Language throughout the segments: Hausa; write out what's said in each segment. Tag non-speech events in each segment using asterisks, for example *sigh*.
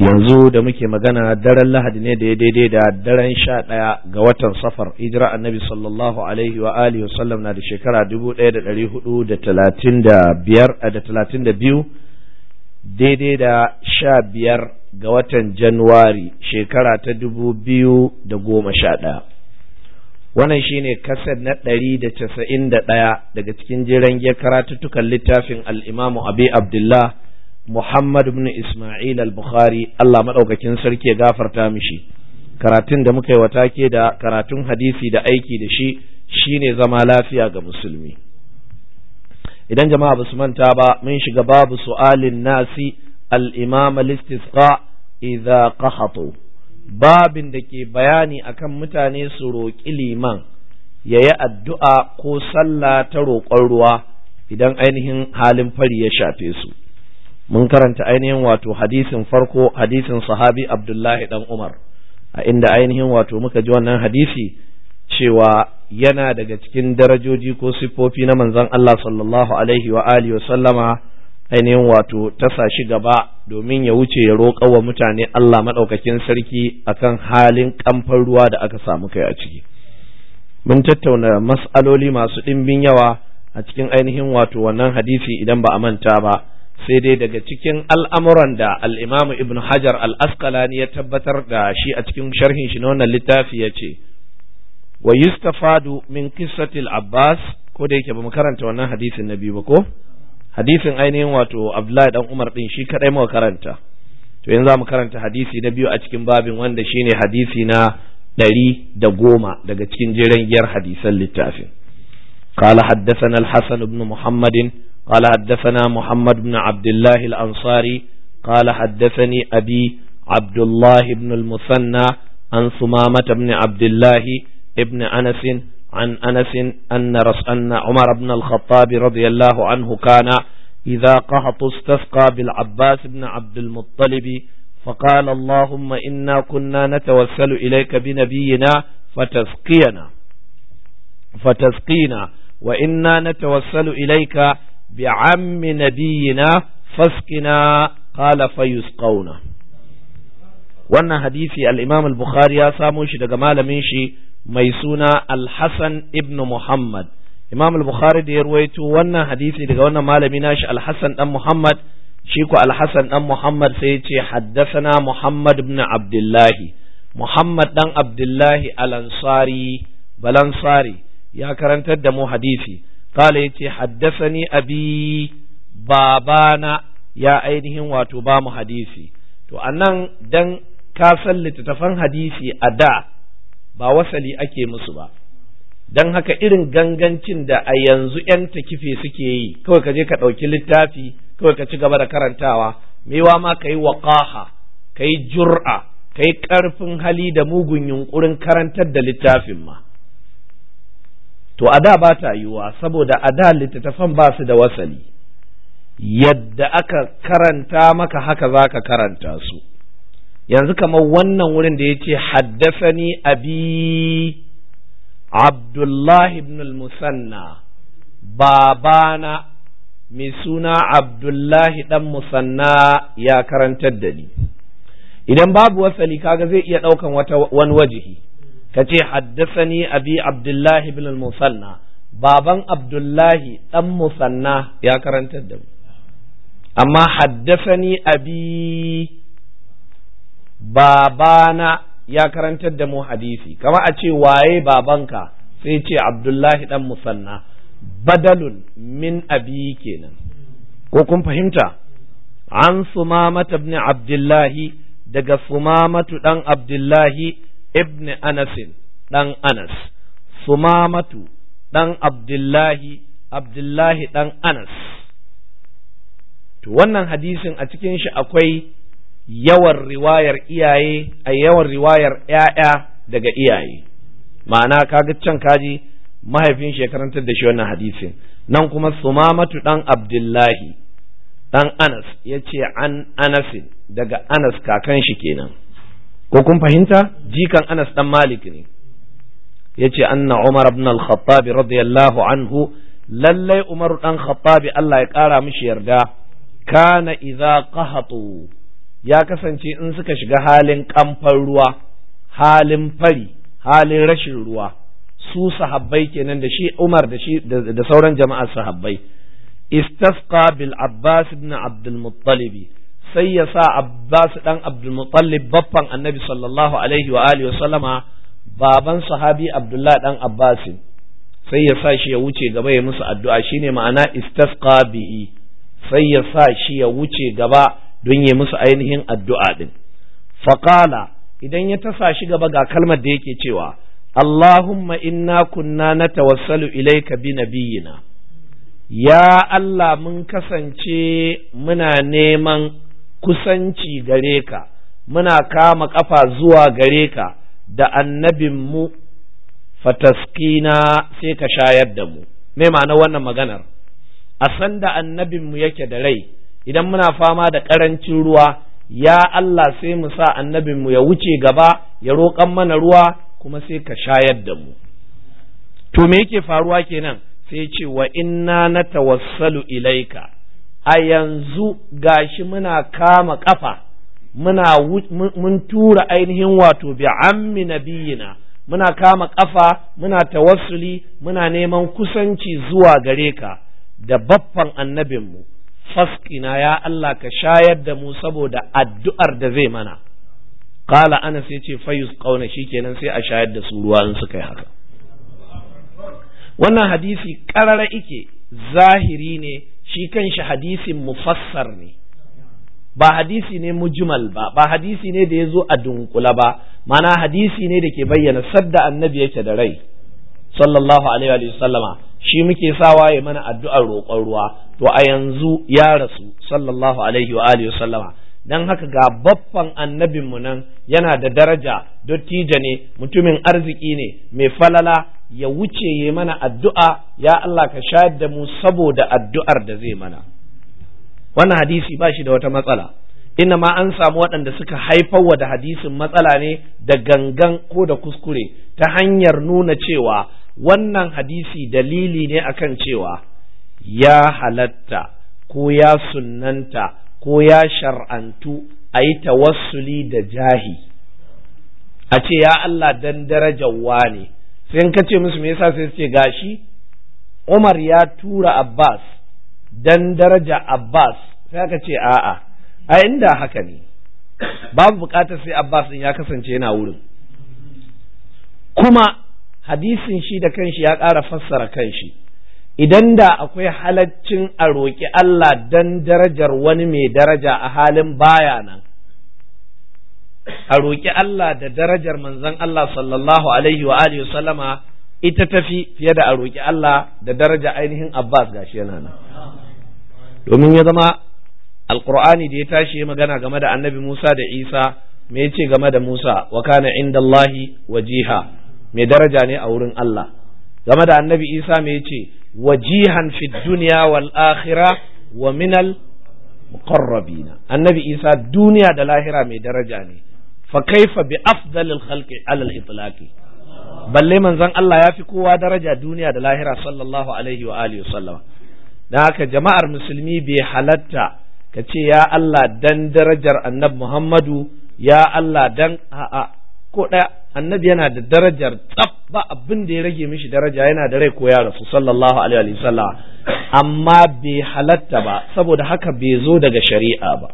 yanzu da muke magana daren lahadi ne da ya daidai da daren sha ɗaya ga watan safar hijira annabi sallallahu alaihi wa alihi wasallam na da shekara dubu ɗaya da ɗari hudu da talatin da biyar eh, da talatin da biyu daidai da sha biyar ga watan januwari shekara ta dubu biyu da goma sha ɗaya wannan shine kasar na ɗari da casa'in da ɗaya daga cikin jiran karatuttukan littafin al'imamu abi abdullah Muhammad ibn Ismail al-Bukhari Allah madaukakin sarki ya gafarta mishi karatun da muka yi wata ke da karatun hadisi da aiki da shi shine zama lafiya ga musulmi idan jama'a basu manta ba mun shiga babu su'alin nasi al-imam al-istisqa idza qahatu babin da ke bayani akan mutane su roƙi liman yayi addu'a ko sallah ta roƙon ruwa idan ainihin halin fari ya shafe su mun karanta ainihin wato hadisin farko hadisin sahabi abdullahi dan umar a inda ainihin wato muka ji wannan hadisi cewa yana daga cikin darajoji ko siffofi na manzon Allah sallallahu alaihi wa alihi wa sallama ainihin wato ta sashi gaba domin ya wuce ya roƙa wa mutane Allah maɗaukakin sarki akan halin kamfan ruwa da aka samu kai a ciki mun tattauna mas'aloli masu ɗimbin yawa a cikin ainihin wato wannan hadisi idan ba a manta ba sai dai daga cikin al'amuran da al'imamu ibn hajar al'askalani ya tabbatar da shi a cikin sharhin shi na wannan littafi ya ce wa yustafadu min kissatil abbas ko da yake ba mu karanta wannan hadisin na biyu ba ko hadisin ainihin wato abdullahi dan umar din shi kadai mu karanta to yanzu za mu karanta hadisi na biyu a cikin babin wanda shine hadisi na ɗari da goma daga cikin jiran giyar hadisan littafin قال حدثنا الحسن بن محمد قال حدثنا محمد بن عبد الله الأنصاري قال حدثني أبي عبد الله بن المثنى عن ثمامة بن عبد الله ابن أنس عن أنس أن رس أن عمر بن الخطاب رضي الله عنه كان إذا قهط استسقى بالعباس بن عبد المطلب فقال اللهم إنا كنا نتوسل إليك بنبينا فتسقينا فتسقينا وإنا نتوسل إليك بعم نبينا فاسقنا قال فيسقونا wannan hadisi al al-Bukhari ya samo shi daga malamin shi mai suna al ibnu ibn Muhammad Imam al-Bukhari da ya ruwaito wannan hadisi daga wannan malami nashi Al-Hasan dan Muhammad shi ko al dan Muhammad sai ce haddathana Muhammad ibn Abdullahi. Muhammad dan Abdullahi al-Ansari balansari ya karantar da mu hadisi qala yace haddathani abi babana ya ainihin wato bamu hadisi to anan dan ka san littattafan hadisi a da ba wasali ake musu ba don haka irin gangancin da a yanzu 'yan takife suke yi kawai ka je ka ɗauki littafi kawai ka ci gaba da karantawa mewa ma ka yi waƙaha ka yi jur'a ka yi ƙarfin hali da mugun yunƙurin karantar da littafin ma to a da ba ta yiwuwa saboda a da littattafan ba su da wasali yadda aka karanta maka haka za ka karanta su yanzu kamar wannan wurin da ya ce haddasani abi abdullahi ibn musanna babana mai suna abdullahi dan musanna ya karantar da ni idan babu wasali kaga zai iya ɗaukan wani wajihi kace ce abi abdullah ibn al-musanna baban abdullahi dan musanna ya karantar da mu amma haddathani abi babana ya karanta da mu hadisi kama a ce waye babanka sai ce abdullahi dan musanna badalun min abi kenan ko kun fahimta an sumamata ibn abdullahi daga sumamatu dan abdullahi ibn anasin ɗan anas sumamatu ɗan abdullahi abdullahi ɗan anas to wannan hadisin a cikin shi akwai yawan riwayar iyaye a yawan riwayar ‘ya'ya daga iyaye ma'ana kaga can kaji mahaifin shi da shi wannan hadisin nan kuma sumamatu ɗan abdullahi ɗan anas ya ce an anasin daga anas kakan shi kenan ko kun fahimta jikan Anas dan Malik ne yace anna Umar ibn al-Khattab radiyallahu anhu lallai Umar dan Khattab Allah ya kara mishi yarda kana idza qahatu ya kasance in suka shiga halin kamfan ruwa halin fari halin rashin ruwa su sahabbai kenan da shi Umar da shi da sauran jama'ar sahabbai istasqa bil Abbas ibn Abdul Muttalib sai ya sa Abbas dan Abdul Muttalib baffan Annabi sallallahu alaihi wa alihi wa sallama baban sahabi Abdullah dan Abbas sai ya sa shi ya wuce gaba ya musu addu'a shine ma'ana istasqa bi'i sai ya sa shi ya wuce gaba don ya musu ainihin addu'a din faqala idan ya tasa shi gaba ga kalmar da yake cewa Allahumma inna kunna natawassalu ilayka bi nabiyyina ya Allah mun kasance muna neman kusanci gare ka muna kama ƙafa zuwa gare ka da annabinmu fataskina sai ka shayar da mu me ma'ana wannan maganar a san da annabinmu yake da rai idan muna fama da ƙarancin ruwa ya Allah sai mu sa annabinmu ya wuce gaba ya roƙan mana ruwa kuma sai ka shayar da mu to me yake faruwa kenan sai ce wa inna na tawassalu ilaika a yanzu gashi muna kama kafa muna mun tura ainihin wato bi ammi nabiyina muna kama ƙafa muna tawassuli muna neman kusanci zuwa gare ka da baffan annabinmu faskina ya Allah ka shayar da mu saboda addu'ar da zai mana qala sai yace fayus qauna shikenan sai a shayar da su ruwa in suka yi haka wannan hadisi ƙarara ike zahiri ne shi kanshi hadisin mufassar ne ba hadisi ne mujmal ba ba hadisi ne da ya zo a dunkula ba mana hadisi ne da ke bayyana sadda annabi yake da rai sallallahu alaihi wa sallama shi muke sawa ya mana addu'ar roƙon ruwa to a yanzu ya rasu sallallahu alaihi wa alihi sallama dan haka ga baffan annabinmu nan yana da daraja dottijo ne mutumin arziki ne mai falala ya wuce ya mana addu'a ya Allah ka shayar da mu saboda addu'ar da zai mana wannan hadisi ba shi da wata matsala inna ma an samu waɗanda suka haifar wa da hadisin matsala ne da gangan ko da kuskure ta hanyar nuna cewa wannan hadisi dalili ne akan cewa ya halatta ko ya sunnanta ko ya shar'antu a yi tawassuli da jahi a ce ya Allah dan darajar ne sai ka ce musu me yasa sai su ce gashi Umar ya tura Abbas dan daraja Abbas sai ka ce a'a a inda haka ne babu bukatar sai Abbas din ya kasance yana wurin kuma hadisin shi da kanshi ya ƙara fassara kanshi idan da akwai halaccin a roƙi Allah dan darajar wani mai daraja a halin baya nan a roƙi Allah da darajar manzon Allah sallallahu alaihi wa alihi sallama ita tafi fiye da a roƙi Allah da daraja ainihin Abbas gashi yana nan domin ya zama alqur'ani da ya tashi magana game da annabi Musa da Isa me yace game da Musa wa kana indallahi wajiha me daraja ne a wurin Allah game da annabi Isa me yace wajihan fid dunya wal akhirah wa minal muqarrabina annabi Isa duniya da lahira mai daraja ne fakaifa bi afdalil khalqi alal itlaqi balle manzon Allah ya fi kowa daraja duniya da lahira sallallahu alaihi wa alihi sallama dan haka jama'ar musulmi bai halatta ka ce ya Allah dan darajar annabi Muhammadu ya Allah dan a'a ko ɗaya annabi yana da darajar tsaf ba abin da ya rage mishi daraja yana da rai ko ya rasu sallallahu alaihi wa sallama amma bai halatta ba saboda haka bai zo daga shari'a ba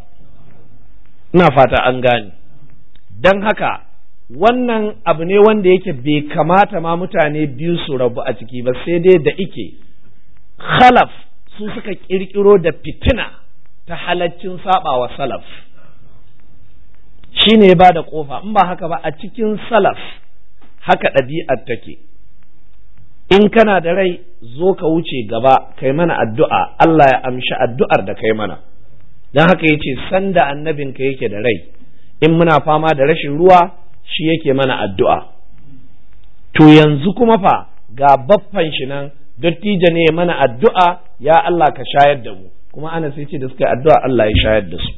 ina fata an gane don haka wannan abu ne wanda yake bai kamata ma mutane biyu su rabu a ciki ba sai dai da ike khalaf su suka kirkiro da fitina ta halaccin saɓawa salaf shi ne ba da ƙofa in ba haka ba a cikin salaf haka ɗabi'ar take in kana da rai zo ka wuce gaba kai mana addu'a Allah ya amshi addu'ar da kai mana don haka yace sanda annabinka yake da rai in muna fama da rashin ruwa shi yake mana addu'a to yanzu kuma fa ga baffan shi nan dattijo ne mana addu'a ya Allah ka shayar da mu kuma ana sai ce da suka yi addu'a Allah ya shayar da su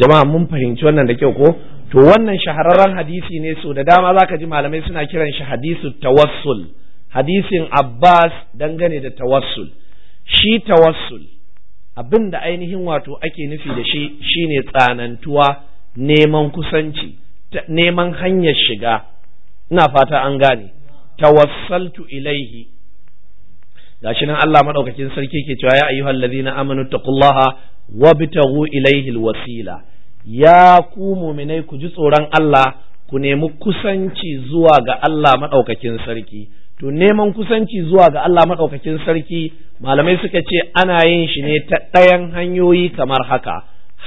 jama'a mun fahimci wannan da kyau ko to wannan shahararren hadisi ne so da dama za ka ji malamai suna kiran shi hadisu tawassul hadisin Abbas dangane da tawassul shi tawassul abin da ainihin wato ake nufi da shi shine tsanantuwa neman kusanci neman hanyar shiga ina fata an gane tawassaltu ilaihi gashi nan Allah madaukakin sarki ke cewa ya ayyuhal ladina amanu taqullaha wabtaghu ilaihi alwasila ya ku mu'minai ku ji tsoron Allah ku nemi kusanci zuwa ga Allah madaukakin sarki to neman kusanci zuwa ga Allah maɗaukakin sarki malamai suka ce ana yin shi ne ta ɗayan hanyoyi kamar haka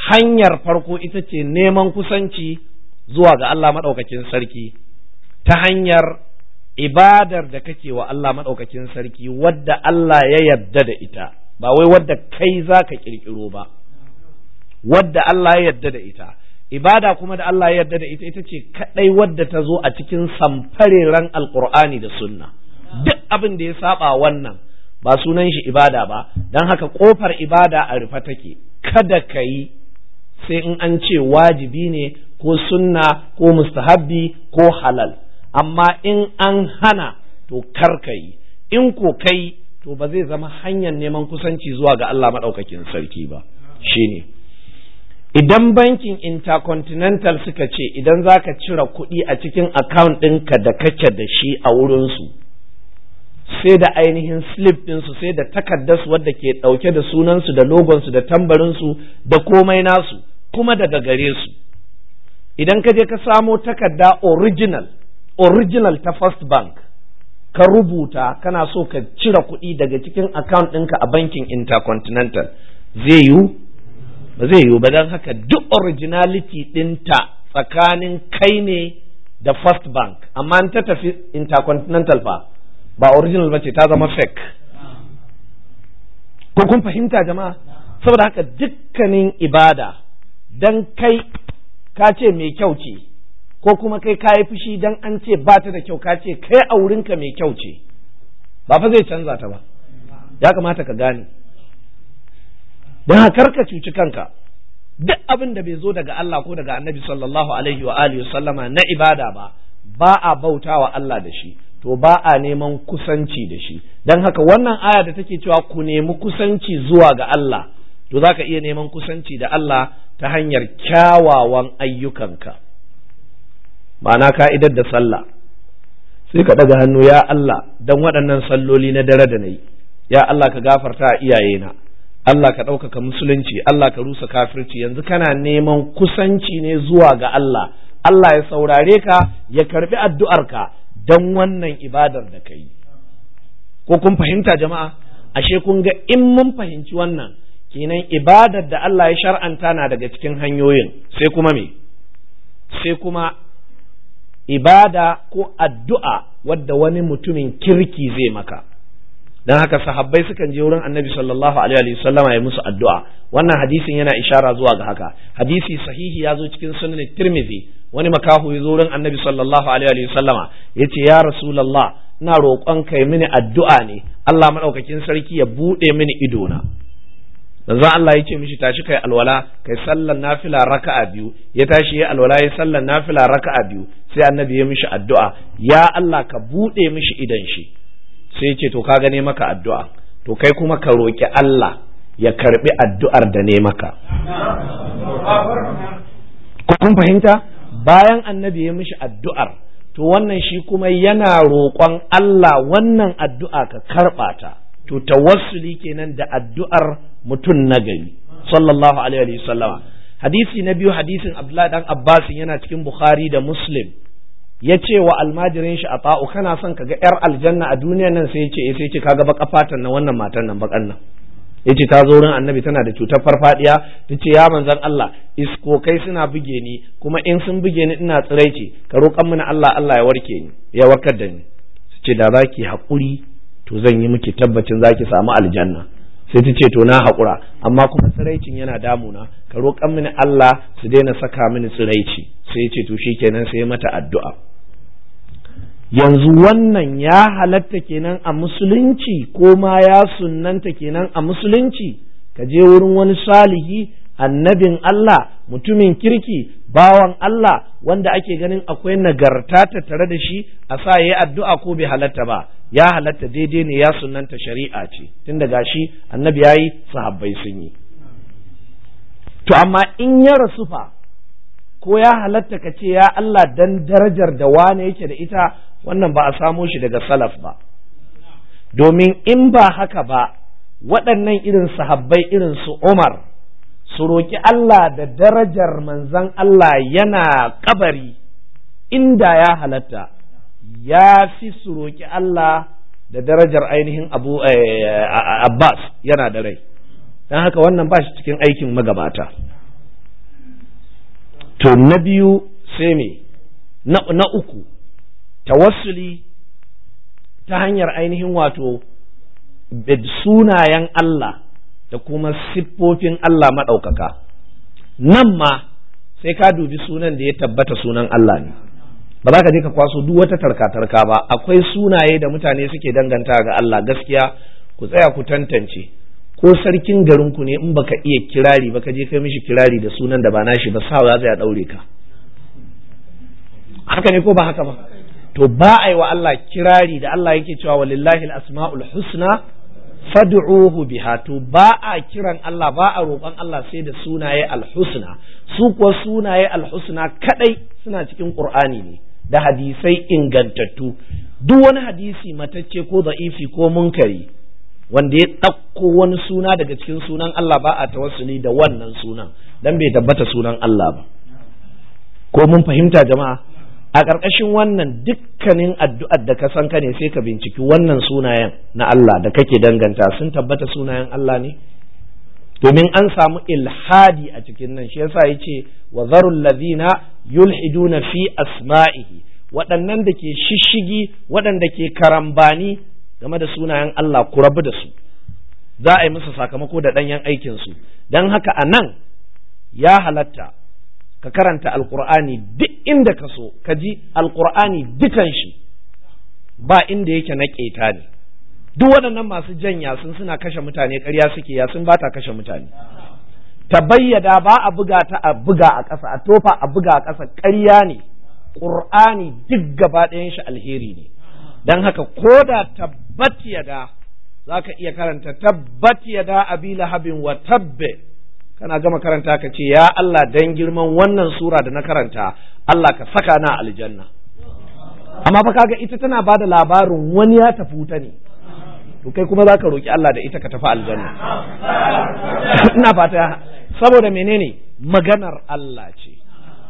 hanyar farko ita ce neman kusanci zuwa ga Allah maɗaukakin sarki ta hanyar ibadar da kake wa Allah maɗaukakin sarki wadda Allah ya yarda da ita ba wai wadda kai za ka ƙirƙiro ba wadda Allah ya yarda da ita ibada kuma da Allah ya yarda da ita ita ce kaɗai wadda ta zo a cikin ran alƙur'ani da sunna duk abin da ya saba wannan ba sunan shi ibada ba don haka kofar ibada a rufe take kada ka yi sai in an ce wajibi ne ko sunna ko mustahabbi ko halal amma in an hana to kar ka yi in ko kai to ba zai zama hanyar neman kusanci zuwa ga Allah maɗaukakin sarki ba shine idan bankin intercontinental suka ce idan za ka cire kuɗi a cikin account ɗinka da kake da shi a wurinsu sai da ainihin slip ɗinsu sai da takardarsu wadda ke ɗauke da sunansu da logonsu da tambarinsu da komai nasu kuma daga gare su idan ka je ka samo takarda original original ta first bank ka rubuta kana so ka cire kuɗi daga cikin account ɗinka a bankin intercontinental zai yiwu ba zai yiwu ba don haka duk originality ɗinta tsakanin kai ne da first bank amma ta tafi intercontinental ba ba original ba ce ta zama fake ko kun fahimta jama'a saboda haka dukkanin ibada dan kai ka ce mai kyau ce ko kuma kai ka yi fushi dan an ce ba ta da kyau ka ce kai a wurinka mai kyau ce ba fa zai canza ta ba ya kamata ka gane don haka ka cuci kanka duk abin da bai zo daga Allah ko daga annabi sallallahu alaihi wa alihi sallama na ibada ba ba a bauta wa Allah da shi to ba a neman kusanci da shi don haka wannan aya da take cewa ku nemi kusanci zuwa ga Allah to za ka iya neman kusanci da Allah ta hanyar kyawawan ayyukanka ma'ana ka'idar da sallah sai ka daga hannu ya Allah don waɗannan salloli na dare da na yi ya Allah ka gafarta a iyayena Allah ka ɗaukaka musulunci Allah ka rusa kafirci yanzu kana neman kusanci ne zuwa ga Allah Allah ya saurare ka ya karbi addu'arka don wannan ibadar da ka yi ko kun fahimta jama'a ashe kun ga in mun fahimci wannan kenan ibadar da Allah ya shar'anta na daga cikin hanyoyin sai kuma me sai kuma ibada ko addu'a wadda wani mutumin kirki zai maka don haka sahabbai sukan je wurin annabi sallallahu alaihi wasallama ya musu addu'a wannan hadisin yana ishara zuwa ga haka hadisi sahihi ya zo cikin sunan tirmidhi wani makahu ya zo wurin annabi sallallahu alaihi wa sallama yace ya rasulallah ina roƙon kai mini addu'a ne Allah madaukakin sarki ya buɗe mini idona manzon Allah ya ce mishi tashi kai alwala kai sallan nafila raka'a biyu ya tashi ya alwala ya sallan nafila raka'a biyu sai annabi ya mishi addu'a ya Allah ka buɗe mishi idan shi sai ya ce to ka gane maka addu'a to kai kuma ka roki Allah ya karbi addu'ar da ne maka kun fahimta bayan annabi ya mishi addu'ar to wannan shi kuma yana roƙon Allah wannan addu'a ka karɓa ta to tawassuli kenan da addu'ar mutum na gari sallallahu alaihi wasallama hadisi na biyu hadisin Abdullahi dan Abbas yana cikin Bukhari da Muslim ya ce wa almajirin shi a kana son ka ga yar aljanna a duniya nan eh, sai ya ce ka ga bakafatan baka fatan na wannan matan nan bakan nan yace ta zo wurin annabi tana da cutar farfadiya ta ce ya manzan Allah isko kai suna buge ni kuma in sun buge ni ina tsiraici ka roƙan mini Allah Allah ya warke ni ya warkar da ni su ce da zaki haƙuri to zan yi miki tabbacin zaki samu aljanna sai ta ce to na haƙura amma kuma tsiraicin yana damuna ka roƙan mini Allah su daina saka mini tsiraici sai ya ce to shikenan sai mata addu'a yanzu wannan ya halatta kenan a musulunci ko ma ya sunanta kenan a musulunci ka je wurin wani salihi annabin Allah mutumin kirki bawan Allah wanda ake ganin akwai nagarta ta tare da shi a sa yayi addu'a ko bai halatta ba ya halatta daidai ne ya sunanta shari'a ce tun da gashi annabi yayi sahabbai sun yi to amma in ya rasu fa ko ya halatta ka ce ya Allah dan darajar da wane yake da ita wannan ba a samo shi daga salaf ba domin in ba haka ba waɗannan irin sahabbai irin su Umar su roƙi Allah da darajar manzan Allah yana kabari inda ya halatta ya fi su roƙi Allah da darajar ainihin abu eh, Abbas yana da rai don haka wannan ba shi cikin aikin magabata to na biyu sai me na uku tawassuli ta hanyar ainihin wato sunayen Allah da kuma siffofin Allah maɗaukaka nan ma sai ka dubi sunan da ya tabbata sunan Allah ne ba za ka je ka kwaso duk wata tarka-tarka ba akwai sunaye da mutane suke danganta ga Allah gaskiya ku tsaya ku tantance ko sarkin garin ku ne in baka iya kirari baka je kai mishi kirari da sunan da ba nashi ba sa za ya daure ka haka ne ko ba haka ba to ba a yi wa Allah kirari da Allah yake cewa walillahi al-asma'ul husna fad'uhu biha to ba a kiran Allah ba a roƙon Allah sai da sunaye al-husna, su kuwa sunaye al-husna kadai suna cikin Qur'ani ne da hadisai ingantattu duk wani hadisi matacce ko da'ifi ko munkari wanda ya ɗauko wani suna daga cikin sunan Allah ba a tawassuli da wannan sunan dan bai tabbata sunan Allah ba ko mun fahimta jama'a a ƙarƙashin wannan dukkanin addu'ar da ka san ka ne sai ka binciki wannan sunayen na Allah da kake danganta sun tabbata sunayen Allah ne domin an samu ilhadi a cikin nan shi yasa yace wa zarul ladina yulhiduna fi asma'ihi waɗannan da ke shishigi waɗanda ke karambani game da sunayen Allah ku rabu da su za a yi musu sakamako da ɗanyen aikinsu don haka a nan ya halatta ka karanta alkur'ani duk inda ka so ka ji alkur'ani dukan shi ba inda yake na ƙeta ne duk waɗannan masu janya sun suna kashe mutane ƙarya suke ya sun bata kashe mutane ta bayyada ba a buga ta a buga a ƙasa a tofa a buga a ƙasa ƙarya ne ƙur'ani duk gaba ɗayan shi alheri ne don haka ko da ta tabbat yada zaka iya karanta tabbat yada abi lahabin wa tabbe kana gama karanta ka ce ya Allah dan girman wannan sura da na karanta Allah ka saka na aljanna amma fa kaga ita tana bada labarin wani ya tafi wuta ne to kai kuma zaka roki Allah da ita ka tafi aljanna *laughs* ina fata saboda menene maganar Allah ce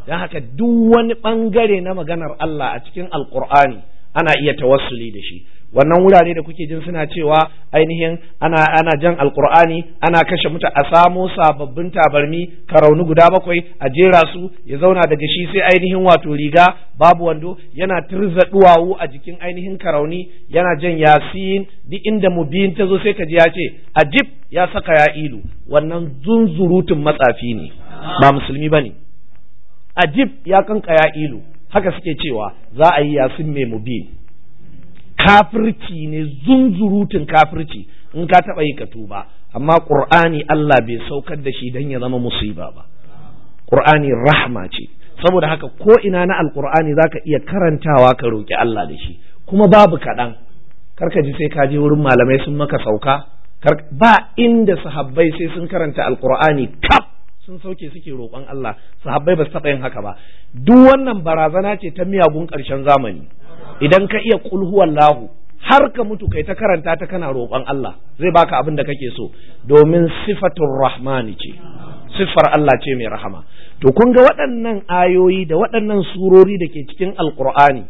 don haka duk wani bangare na maganar Allah a cikin alkur'ani ana iya tawassuli da shi wannan wurare da kuke jin suna cewa ainihin ana ana jan alkur'ani ana kashe muta a samo sababbin tabarmi karauni guda bakwai a jera su ya zauna daga shi sai ainihin wato riga babu wando yana turza duwawu a jikin ainihin karauni yana jan yasin duk inda mu mubin ta zo sai ka ji ya ce ajib ya saka ya ilu wannan zunzurutun matsafi ne ba musulmi ba bane ajib ya kanka ya ilu haka suke cewa za a yi yasin mai mubin kafirci ne zunzurutun kafirci in ka taɓa yi ka tuba amma ƙur'ani Allah bai saukar da shi don ya zama musiba ba ƙur'ani rahma ce saboda haka ko ina na alƙur'ani zaka iya karantawa ka roƙi Allah da shi kuma babu kaɗan karka ji sai ka je wurin malamai sun maka sauka ba inda sahabbai sai sun karanta alƙur'ani kaf sun sauke suke roƙon Allah sahabbai ba su taɓa yin haka ba duk wannan barazana ce ta miyagun ƙarshen zamani idan ka iya kulhuwan lahu har ka mutu kai ta karanta ta kana roƙon Allah zai baka abin da kake so domin sifatul rahmani ce siffar Allah ce mai rahama to kun ga waɗannan ayoyi da waɗannan surori da ke cikin alqur'ani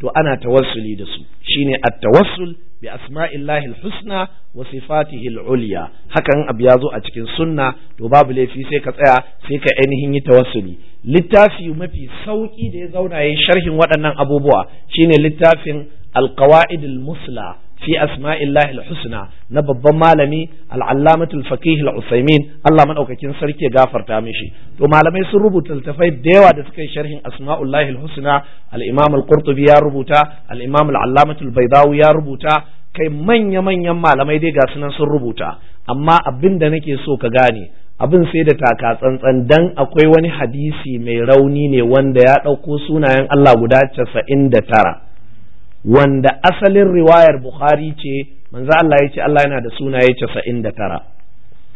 to ana tawassuli da su shine at-tawassul bi asma'illahi al-husna wa sifatihi al-ulya hakan abu zo a cikin sunna to babu laifi sai ka tsaya sai ka ainihin yi tawassuli littafi mafi sauƙi da ya zauna ya sharhin waɗannan abubuwa shine littafin alqawaid musla fi asma'illahi husna na babban malami al-allamatu al-faqih Allah madaukakin sarki gafarta mishi to malamai sun rubuta littafai da yawa da suka yi sharhin asma'ullahi al-husna al al-qurtubi ya rubuta al-imam al-allamatu ya rubuta kai manya-manyan malamai dai ga sunan sun rubuta amma abin da nake so ka gane abin sai da taka tsantsan dan akwai wani hadisi mai rauni ne wanda ya ɗauko sunayen Allah guda casa'in da tara wanda asalin riwayar Bukhari ce manzo Allah ya ce Allah yana da sunaye casa'in da tara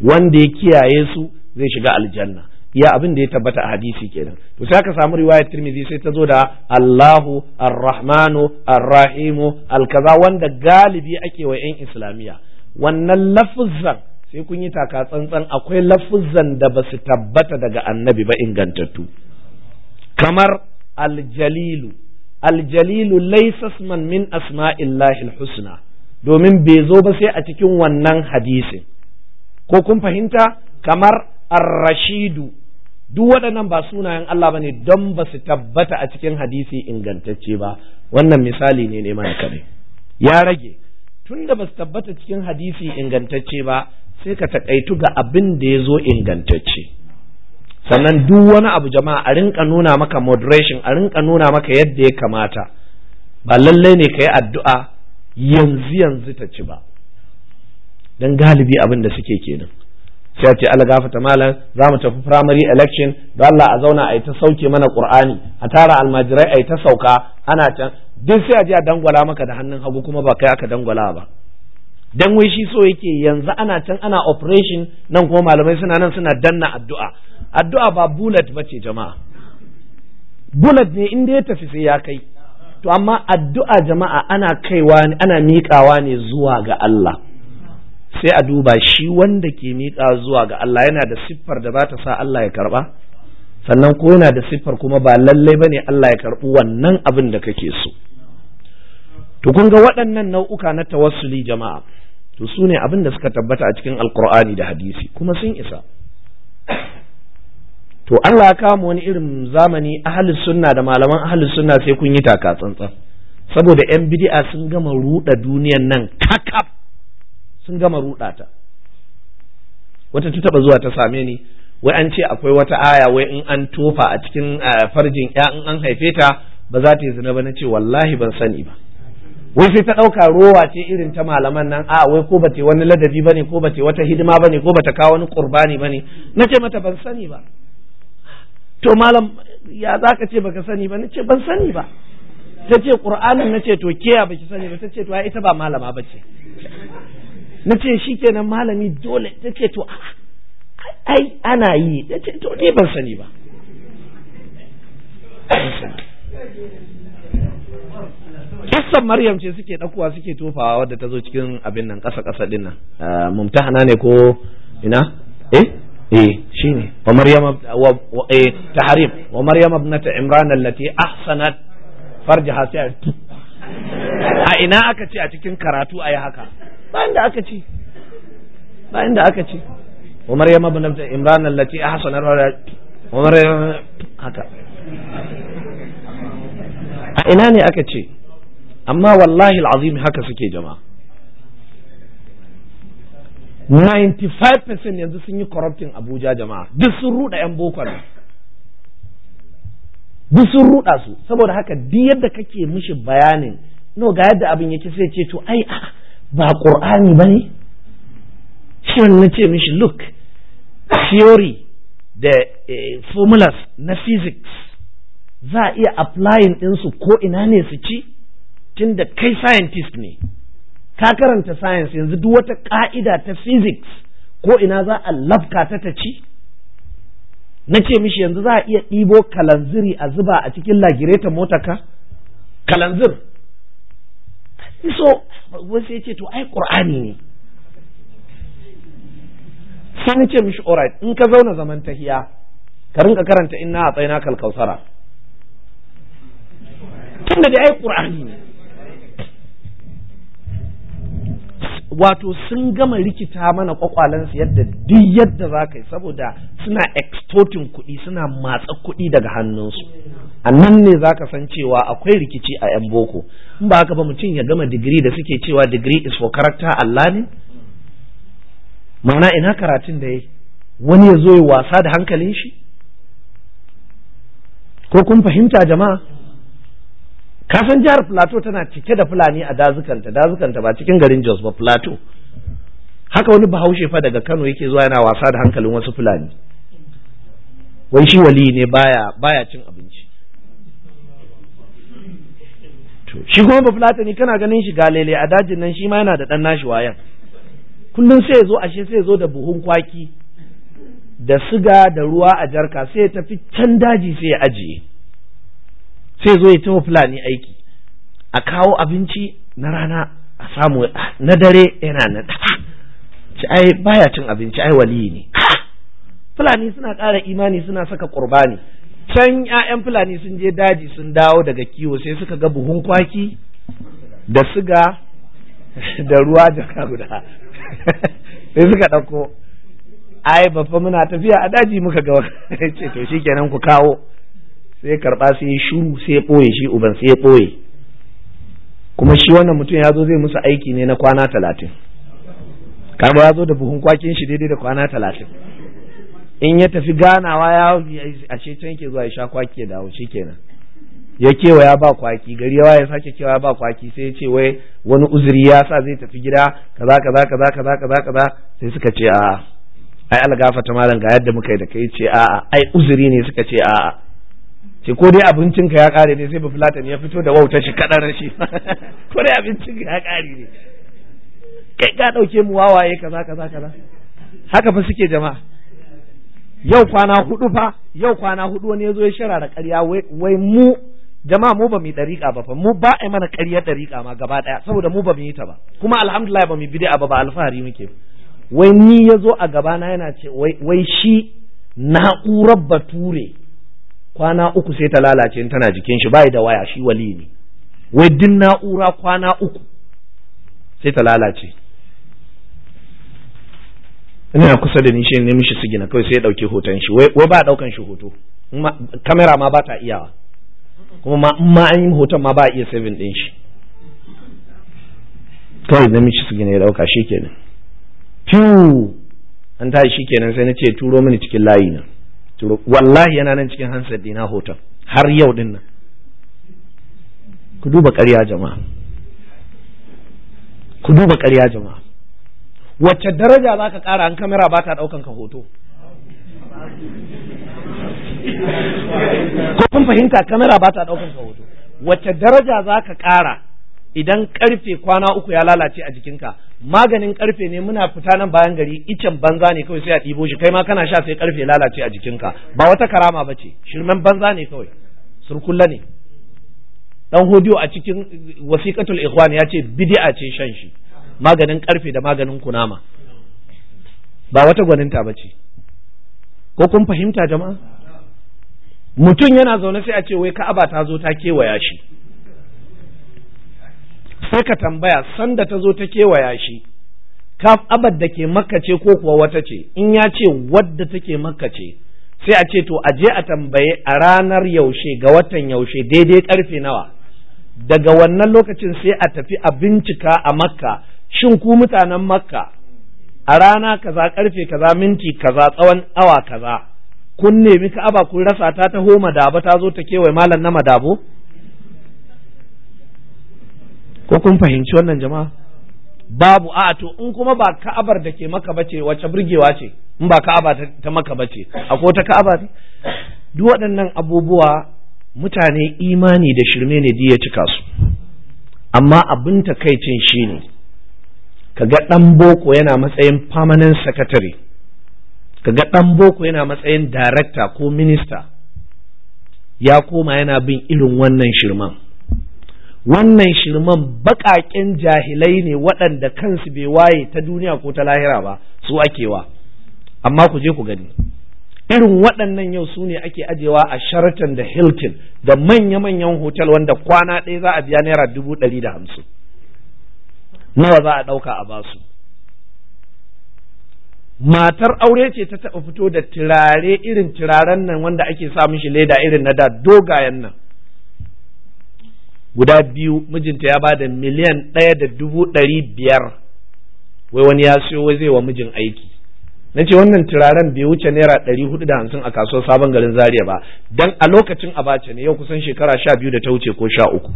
wanda ya kiyaye su zai shiga aljanna iya abin da ya tabbata a hadisi kenan to sai aka samu riwayar Tirmidhi sai ta zo da Allahu Ar-Rahmanu Ar-Rahimu al-kaza wanda galibi ake wa 'yan Islamiyya wannan lafzan sai kun yi taka tsantsan akwai lafuzan da ba su tabbata daga annabi ba ingantattu kamar aljalilu aljalilu laisasman man min asma'illahil husna domin bai zo ba sai a cikin wannan hadisin ko kun fahimta kamar arrashidu duk waɗannan ba sunayen Allah ba ne don ba su tabbata a cikin hadisi ingantacce ba wannan misali ne ne mana kare ya rage tunda ba su tabbata cikin hadisi ingantacce ba sai ka taƙaitu ga abin da ya zo ingantacce sannan duk wani abu jama'a a rinka nuna maka moderation a rinka nuna maka yadda ya kamata ba lallai ne ka yi addu'a yanzu yanzu ta ci ba don galibi abin da suke kenan sai ce Allah gafata malam za mu tafi primary election don Allah a zauna a yi ta sauke mana Qur'ani a tara almajirai a yi ta sauka ana can duk sai a je a dangwala maka da hannun hagu kuma ba kai aka dangwala ba dan wai shi so yake yanzu ana can ana operation nan kuma malamai suna nan suna danna addu'a addu'a ba bullet ba ce jama'a bullet ne inda ya tafi sai ya kai to amma addu'a jama'a ana kaiwa ana miƙawa ne zuwa ga Allah sai a duba shi wanda ke miƙa zuwa ga Allah yana da siffar da ba ta sa Allah ya karɓa sannan ko yana da siffar kuma ba lallai ba ne Allah ya karɓi wannan abin da kake so to kun ga waɗannan nau'uka na tawassuli jama'a to su ne abin da suka tabbata a cikin alkur'ani da hadisi kuma sun isa to Allah ya kama wani irin zamani ahalus sunna da malaman ahalus sunna sai kun yi taka tsantsan saboda yan bid'a sun gama ruɗa duniyan nan kakab, sun gama ruɗa ta wata ta taba zuwa ta same ni wai an ce akwai wata aya wai in an tofa a cikin eh, farjin ya in an haife ta ba za ta yi zina ba na ce wallahi ban sani ba wai sai ta ɗauka rowa ce irin ta malaman nan a wai ko bace wani ladabi bane ko bace wata hidima bane ko bata kawo wani qurbani bane nace mata ban sani ba to malam ya zaka ce baka sani ba nace ban sani ba ta ce qur'anin nace to ke ya baki sani ba ta ce to ai ita ba malama bace nace shikenan malami dole ta ce to ai ana yi ta ce to ni ban sani ba kissan maryam ce suke dakuwa suke tofawa wadda ta zo cikin abin nan ƙasa ƙasa din nan ah, mumtahana ne ko ina eh eh shine wa maryam wa eh tahrim wa maryam ta imran allati ahsanat farjaha sai a ina aka ce a cikin karatu a yi haka ba da aka ce ba da aka ce wa maryam ta imran allati ahsanat wa maryam haka a ina ne aka ce amma wallahi al'azim haka suke jama'a 95% yanzu sun yi corrupting Abuja jama'a duk sun ruda 'yan boko ne duk sun ruda su saboda haka duk yadda kake mishi bayanin no ga yadda abin yake sai ce to ai ba qur'ani bane shi na ce mishi look theory da eh, formulas na physics za a iya applying ɗinsu ko ina ne su ci Tun da kai scientist ne ka karanta science yanzu duk wata ka'ida ta physics ko ina za a labka ta ta ci na ce mishi yanzu za a iya ɗibo kalanziri a zuba a cikin mota ka kalanzir so wasu ya ce to ai ƙur'ani ne sai na ce mishi alright in ka zauna zaman tahiya ka rinka karanta inna a tsayina kalkausara Tun da ai ƙur'ani ne wato sun gama rikita mana kwakwalansu yadda duk yadda za ka yi saboda suna extorting kuɗi suna matsa kuɗi daga hannunsu a nan ne za ka san cewa akwai rikici a 'yan boko in ba haka ba mutum ya gama digiri da suke cewa digiri is for character Allah ne ma'ana ina karatun da ya wani ya zo ya wasa da hankalin shi ko kun fahimta jama'a san jihar plateau tana cike da fulani a dazukanta dazukanta ba cikin garin jos ba plateau haka wani bahaushe fa daga kano yake zuwa yana wasa da hankalin wasu fulani wai shi wali ne baya baya cin abinci shi kuma ba ne kana ganin shi ga lele a dajin nan shi ma yana da dan nashi wayan kullum sai ya ashe sai ya da buhun kwaki da siga da ruwa a jarka sai ya tafi can daji sai ya ajiye sai zo ya ci fulani aiki a kawo abinci na rana a samu ah, na dare yana nan ah, ci ai baya cin abinci ai waliyi ne ah, fulani suna ƙara imani suna saka ƙurbani can 'ya'yan fulani sun je daji sun dawo daga kiwo sai suka ga buhun kwaki da siga *laughs* da ruwa jaka guda *laughs* sai suka ɗauko ai babba muna tafiya a daji muka ga *laughs* ce to shikenan ku kawo sai karɓa sai ya shuru sai ya ɓoye shi uban sai ya ɓoye kuma shi wannan mutum ya zo zai musu aiki ne na kwana talatin kama ya zo da buhun kwakin shi daidai da kwana talatin in ya tafi ganawa ya a can ke zuwa ya sha kwaki ya dawo shi kenan ya kewa ya ba kwaki gari yawa ya sake kewa ya ba kwaki sai ya ce wai wani uzuri ya sa zai tafi gida kaza kaza kaza kaza kaza kaza sai suka ce a'a ai algafa ta malam ga yadda muka yi da kai ce a'a ai uzuri ne suka ce a'a ce ko dai abincinka ya kare ne sai ba ya fito da wauta shi kadan shi *laughs* ko dai abincin ka ya kare ne kai ka dauke mu wawaye kaza kaza kaza haka fa suke jama'a yau kwana hudu fa yau kwana hudu wani yazo ya da ƙarya wai mu jama'a mu ba mu dariƙa ba fa mu ba a mana ƙarya dariƙa ma gaba daya saboda mu ba mu yi ta ba kuma alhamdulillah ba mu bi ba ba alfahari muke wai ni yazo a gaba na yana ce wai shi na'urar bature kwana uku sai ta lalace in tana jikin shi bai da waya shi wali ne wai din na'ura kwana uku sai ta lalace ina kusa da ni shi ne mishi su gina kawai sai ya dauki hoton shi wai ba daukan shi hoto kamera ma ba ta iyawa kuma ma in ma an yi hoton ma ba a iya saving din shi kawai na mishi su gina ya dauka kenan fiu an tashi shikenan sai na ce turo mini cikin layi na wallahi yana nan cikin hansar dina hoton har yau din nan ku duba ƙarya jama'a ku duba ƙarya jama'a wacce daraja za ka ƙara an kamera ba ta ɗaukan ka hoto ko kun fahimta kamera ba ta ɗaukan ka hoto wacce daraja za ka ƙara idan karfe kwana uku ya lalace a jikinka maganin karfe ne muna fita nan bayan gari icen banza ne kawai sai a ɗibo shi kai ma kana sha sai karfe lalace a jikinka ba wata karama ba ce shirmen banza ne kawai surkulla ne dan hodiyo a cikin wasiqatul ikhwan ya ce bid'a ce shan shi maganin karfe da maganin kunama ba wata gwaninta ba ce ko kun fahimta jama'a mutum yana zaune sai a ce wai ka'aba ta zo ta kewaya shi sai ka tambaya sanda ta zo ta kewaya shi kaf abad da ke makka ce ko kuwa wata ce in ya ce wadda take makka ce sai a ce to a je a tambaye a ranar yaushe ga watan yaushe daidai karfe nawa daga wannan lokacin sai a tafi a bincika a makka shin ku mutanen makka a rana kaza karfe kaza minti kaza tsawon awa kaza kun nemi ka'aba kun rasa ta taho madaba ta zo ta kewaye malam na madabo ko kun fahimci wannan jama'a babu a to in kuma ba ka'abar da ke maka bace wacce burgewa ce in ba ka'aba ta maka bace akwai ta ka'aba ne duk waɗannan abubuwa mutane imani da shirme ne ya cika su amma abin takaicin ka kaga ɗan boko yana matsayin permanent secretary kaga ɗan boko yana matsayin director ko minister ya koma yana bin irin wannan shirman wannan shirman baƙaƙen jahilai ne waɗanda kansu bai waye ta duniya ko ta lahira ba su akewa amma ku je ku gani irin waɗannan yau su ne ake ajewa a Sheraton da Hilton da manya-manyan hotel wanda kwana ɗaya za a biya naira dubu ɗari da hamsin nawa za a ɗauka a basu matar aure ce ta taɓa fito da turare irin turaren nan wanda ake sa mishi leda irin na da dogayen nan guda biyu mijinta ya bada miliyan ɗaya da dubu ɗari biyar wai wani ya siyo wai zai wa mijin aiki na ce wannan turaren bai wuce naira ɗari hudu da hamsin a kasuwar sabon garin zaria ba dan a lokacin abace ne yau kusan shekara sha biyu da ta wuce ko sha uku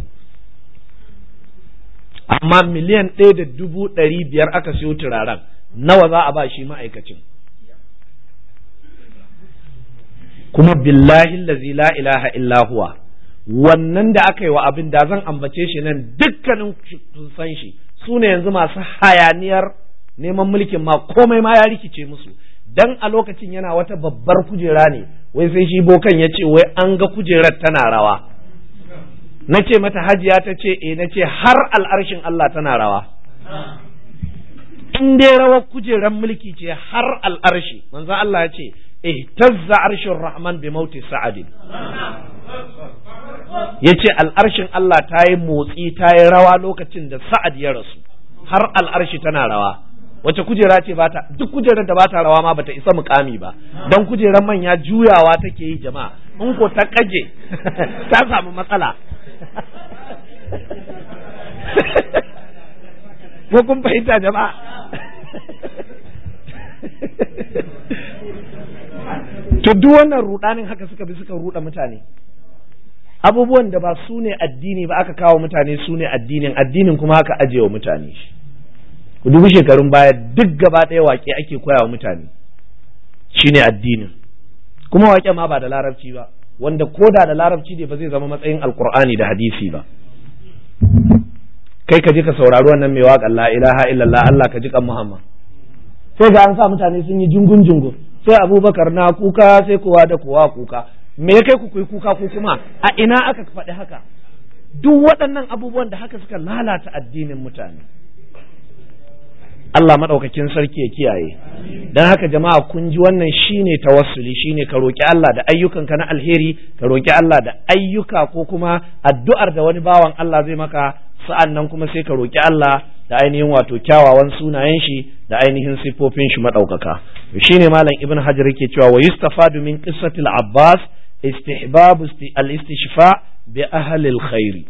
amma miliyan ɗaya da dubu ɗari biyar aka siyo turaren nawa za a ba shi ma'aikacin kuma billahi lazi la ilaha illa wannan da aka yi wa abin da zan ambace shi nan dukkanin sun san shi su ne yanzu masu hayaniyar neman mulkin ma komai ma ya rikice musu dan a lokacin yana wata babbar kujera ne wai sai shi bokan ya ce wai an ga kujerar tana rawa na ce mata hajiya ta ce eh na ce har al'arshin Allah tana rawa in dai rawar kujerar mulki ce har al'arshi manzo Allah ya ce ihtazza arshin rahman bi mauti sa'adin yace al'arshin Allah ta yi motsi ta yi rawa lokacin da sa'ad ya rasu har al'arshi tana rawa wace kujera ce ba ta duk kujerar da ba ta rawa ma bata isa mukami ba dan kujerar manya juyawa take yi jama'a in ko ta kaje ta samu matsala ko kun fahimta jama'a to duk wannan rudanin haka suka bi suka ruda mutane abubuwan da ba su ne addini ba aka kawo mutane su ne addinin addinin kuma haka ajewa mutane shi ku shekarun baya duk gaba ɗaya waƙe ake koyawa wa mutane shine addinin kuma waƙe ma ba da larabci ba wanda ko da da larabci ne ba zai zama matsayin alkur'ani da hadisi ba kai ka ji ka saurari wannan mai waƙa la ilaha illallah Allah ka ji kan Muhammad sai ga an sa mutane sun yi jungun jungun sai abubakar na kuka sai kowa da kowa kuka me ya kai ku kuyi kuka ko kuma a ina aka faɗi haka duk waɗannan abubuwan da haka suka lalata addinin mutane Allah maɗaukakin sarki ya kiyaye don haka jama'a kun ji wannan shine tawassuli shine ka roƙi Allah da ayyukan ka na alheri ka roƙi Allah da ayyuka ko kuma addu'ar da wani bawan Allah zai maka sa'an nan kuma sai ka roƙi Allah da ainihin wato kyawawan sunayen shi da ainihin siffofin shi maɗaukaka shi ne malam ibn hajar yake cewa wa yustafadu min ƙisatil abbas Istihbabu al istishfa bi ahli khairi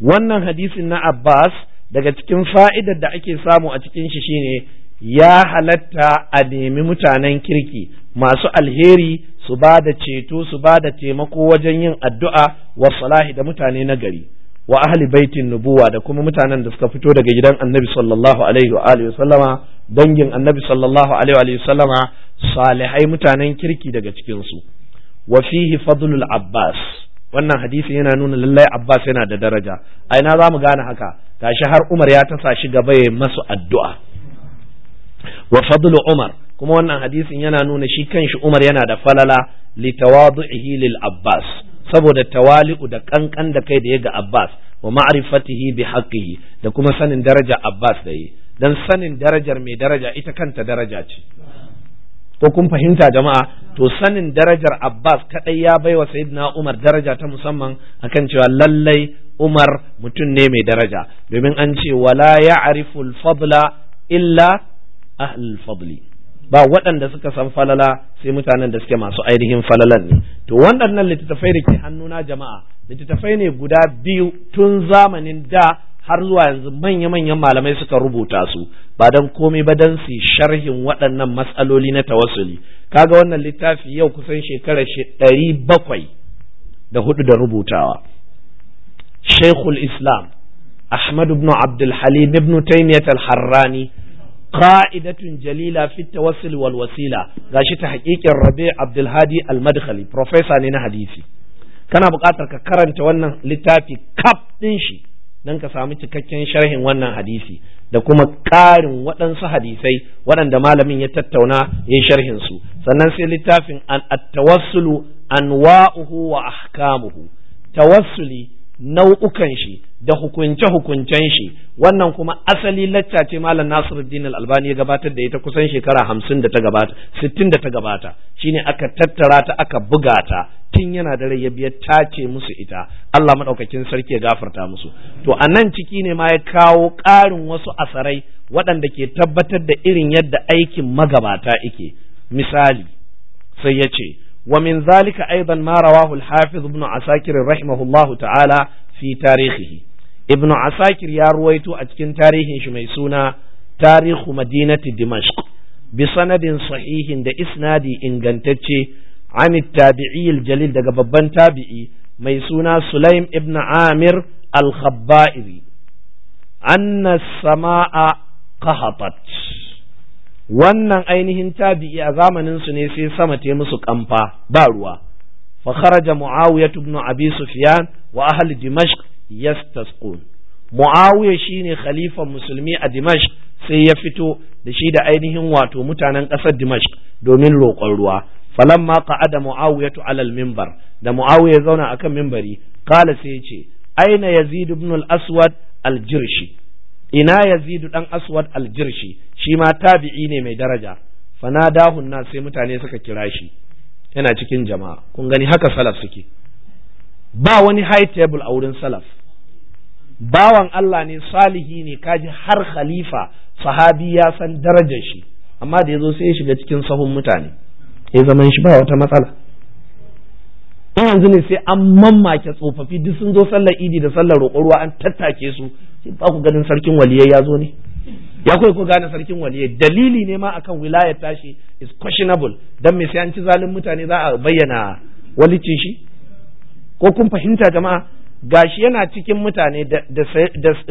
wannan hadisin na abbas daga cikin fa'idar da ake samu a cikin shi shine ya halatta a nemi mutanen kirki masu alheri su ba da ceto su ba da taimako wajen yin addu'a wa salahi da mutane na gari wa ahli baitin nubuwa da kuma mutanen da suka fito daga gidan annabi sallallahu alaihi wa alihi sallama dangin annabi sallallahu alaihi wa sallama salihai mutanen kirki daga cikin su wa fihi fadlul abbas wannan hadisi yana nuna lallai abbas yana da daraja a ina za mu gane haka gashi har umar ya tasa shi gaba ya masu addu'a wa fadlu umar kuma wannan hadisin yana nuna shi kanshi umar yana da falala li tawadu'ihi lil abbas saboda tawali'u da kankan da kai da ya ga Abbas wa ma'rifatihi bi haqqihi da kuma sanin daraja Abbas da yi dan sanin darajar mai daraja ita kanta daraja ce ko kun fahimta jama'a to sanin darajar Abbas kadai ya baiwa Sayyidina Umar daraja ta musamman akan cewa lallai Umar mutum ne mai daraja domin an ce wala ya'riful fadla illa ahlul fadli ba waɗanda suka san falala sai mutanen da suke masu ainihin falalan ne to waɗannan littattafai da ke hannuna jama'a littattafai ne guda biyu tun zamanin da har zuwa yanzu manya-manyan malamai suka rubuta su ba don komai ba don su sharhin waɗannan matsaloli na tawassuli kaga wannan littafi yau kusan shekara ɗari bakwai da hudu da rubutawa shaikhul islam ahmad ibn abdul halim ibn taymiyat al-harrani qa'idatun jalila fi tawassul wal wasila shi ta hakikin Rabi Abdulhadi Hadi Al-Madkhali ne na hadisi kana buƙatar ka karanta wannan littafi kaf din shi dan ka samu cikakken sharhin wannan hadisi da kuma ƙarin waɗansu hadisai waɗanda malamin ya tattauna ya sharhin su sannan sai littafin an at-tawassulu anwa'uhu wa ahkamuhu tawassuli nau'ukan shi da hukunce-hukuncen shi wannan kuma asali lacca ce malam Nasiruddin Al-Albani ya gabatar da ita kusan shekara hamsin da ta gabata sittin da ta gabata shine aka tattara ta aka buga ta tun yana da rai ya biya ce musu ita Allah madaukakin sarki ya gafarta musu to a nan ciki ne ma ya kawo ƙarin wasu asarai waɗanda ke tabbatar da irin yadda aikin magabata yake misali sai ya ce wa min zalika aidan ma rawahu al-hafiz ibn asakir rahimahullahu ta'ala fi tarihihi ibn asakir ya ruwaito a cikin tarihin shi mai suna tarihu madinati dimashq bi sanadin sahihin da isnadi ingantacce an tabi'i al-jalil daga babban tabi'i mai suna sulaim ibn amir al-khabba'iri anna sama'a qahatat wannan ainihin tabi'i a zamanin su ne sai sama ta musu kamfa ba ruwa fa kharaja muawiya ibn abi sufyan wa ahli dimashq yastasqun muawiya shine khalifan musulmi a dimashq sai ya fito da shi da ainihin wato mutanen ƙasar dimashq domin roƙon ruwa falamma qa'ada muawiyatu alal minbar da muawiya zauna akan minbari qala sai ya ce aina yazid ibn al-aswad al-jirshi ina yazidu dan aswad aljirshi shi ma tabi'i ne mai daraja fanadahu na sai mutane suka kira shi yana cikin jama'a kun gani haka salaf suke ba wani high table a wurin salaf bawan Allah ne salihi ne kaji har khalifa sahabi ya san darajar shi amma da yazo sai ya shiga cikin sahun mutane ya zaman shi ba wata matsala in yanzu ne sai an mammake tsofaffi duk sun zo sallar idi da sallar roƙo ruwa an tattake su ba ku ganin sarkin waliyai ya zo ne ya kai ku gane sarkin waliyai dalili ne ma akan wilayar tashi is questionable dan me sai an ci zalin mutane za a bayyana walicin shi ko kun fahimta jama'a gashi yana cikin mutane da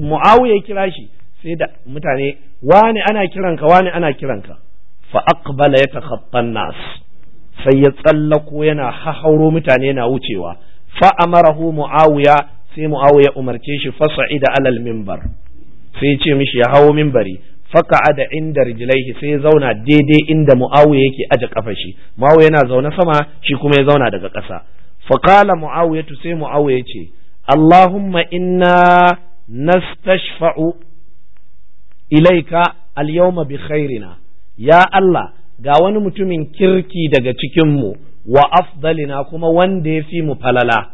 muawiya ya kira shi sai da mutane wani ana kiranka wani ana kiranka fa aqbala yatakhaffa nas sai ya tsallako yana hahauro mutane na wucewa fa amarahu muawiya sai muawiya umarce shi fa sa'ida alal minbar sai ce mishi ya hawo minbari da inda rijilaihi sai ya zauna daidai inda muawiya yake aje kafa shi muawiya yana zaune sama shi kuma ya zauna daga ƙasa faqala muawiya tu sai muawiya ce allahumma inna nastashfa'u ilaika al-yawma bi khairina ya allah ga wani mutumin kirki daga cikinmu wa afdalina kuma wanda ya fi mu falala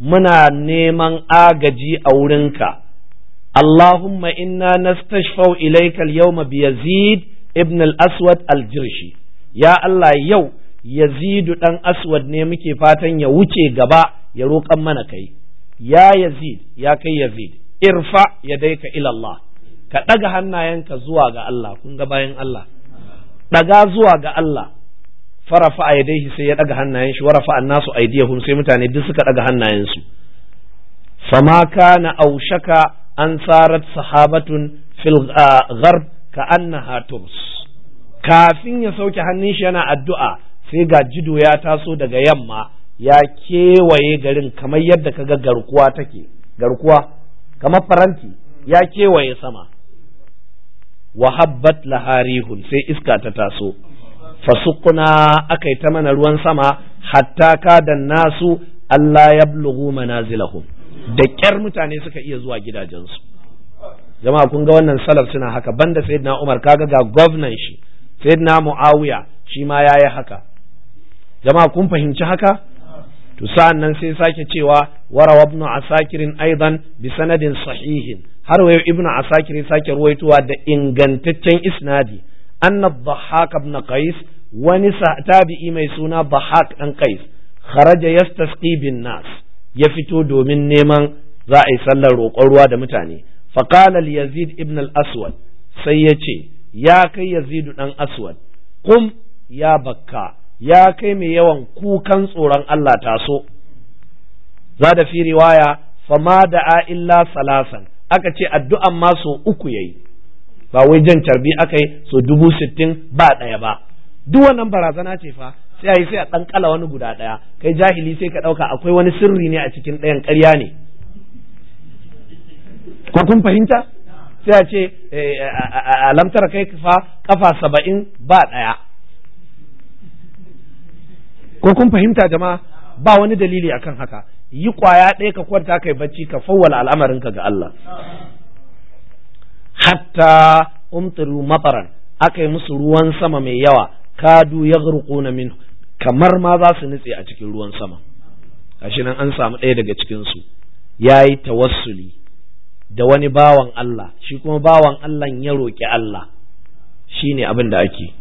muna neman agaji a wurinka Allahumma inna nastashfau ilaika al-yawma bi Yazid ibn al-Aswad al-Jirshi ya Allah yau Yazidu dan Aswad ne muke fatan ya wuce gaba ya roƙan mana kai ya Yazid ya kai Yazid irfa yadaika ila Allah ka ɗaga hannayenka zuwa ga Allah kun ga bayan Allah daga zuwa ga Allah farafa a yadaihi sai ya daga hannayen shi warafa an nasu aidiyahum sai mutane duk suka daga hannayen su. fama kana aushaka an sarat sahabatun fil ah, gharb ka annaha turs kafin ya sauke hannun shi yana addu'a sai ga jido ya taso daga yamma ya kewaye garin kamar yadda kaga garkuwa take garkuwa kamar faranti ya kewaye sama wa laharihun sai iska ta taso fasukuna aka yi ta mana ruwan sama hatta ka dan nasu Allah ya blugu manazilahum da ƙyar mutane suka iya zuwa gidajensu jama'a kun ga wannan salaf suna haka banda sayyidina Umar kaga ga gwamnan shi sayyidina Muawiya shi ma yayi haka jama'a kun fahimci haka to sa'an nan sai sake cewa warawa ibn asakirin aidan bi sanadin sahihin har wayo ibnu asakir sake ruwaitowa da ingantaccen isnadi anna dhahhak ibn qais wani tabi'i mai suna dhahhak dan qais kharaja yastasqi bin nas ya fito domin neman za a yi sallar roƙon ruwa da mutane faqala yazid ibn al-aswad sai ya ce ya kai Yazid dan aswad kum ya bakka ya kai mai yawan kukan tsoron Allah taso za da fi riwaya ma da'a illa salasan aka ce addu'an ma so uku yayi ba wai jan carbi aka yi so dubu sittin ba ɗaya ba duk wannan barazana ce fa sai ayi sai a ɗan kala wani guda ɗaya kai jahili sai ka ɗauka akwai wani sirri ne a cikin ɗayan ƙarya ne ko kun fahimta sai a ce eh, a lamtar kai fa kafa saba'in ba ɗaya ko kun fahimta jama'a ba wani dalili akan haka yi kwaya ɗaya ka kwanta kai bacci ka fawwala al'amarin ka ga Allah hatta umtiru mataran aka yi musu ruwan sama mai yawa kadu ya na min kamar ma za su nutse a cikin ruwan sama ashe nan an samu ɗaya daga cikin su yayi tawassuli da wani bawan Allah shi kuma bawan Allah ya roki Allah shine abin da ake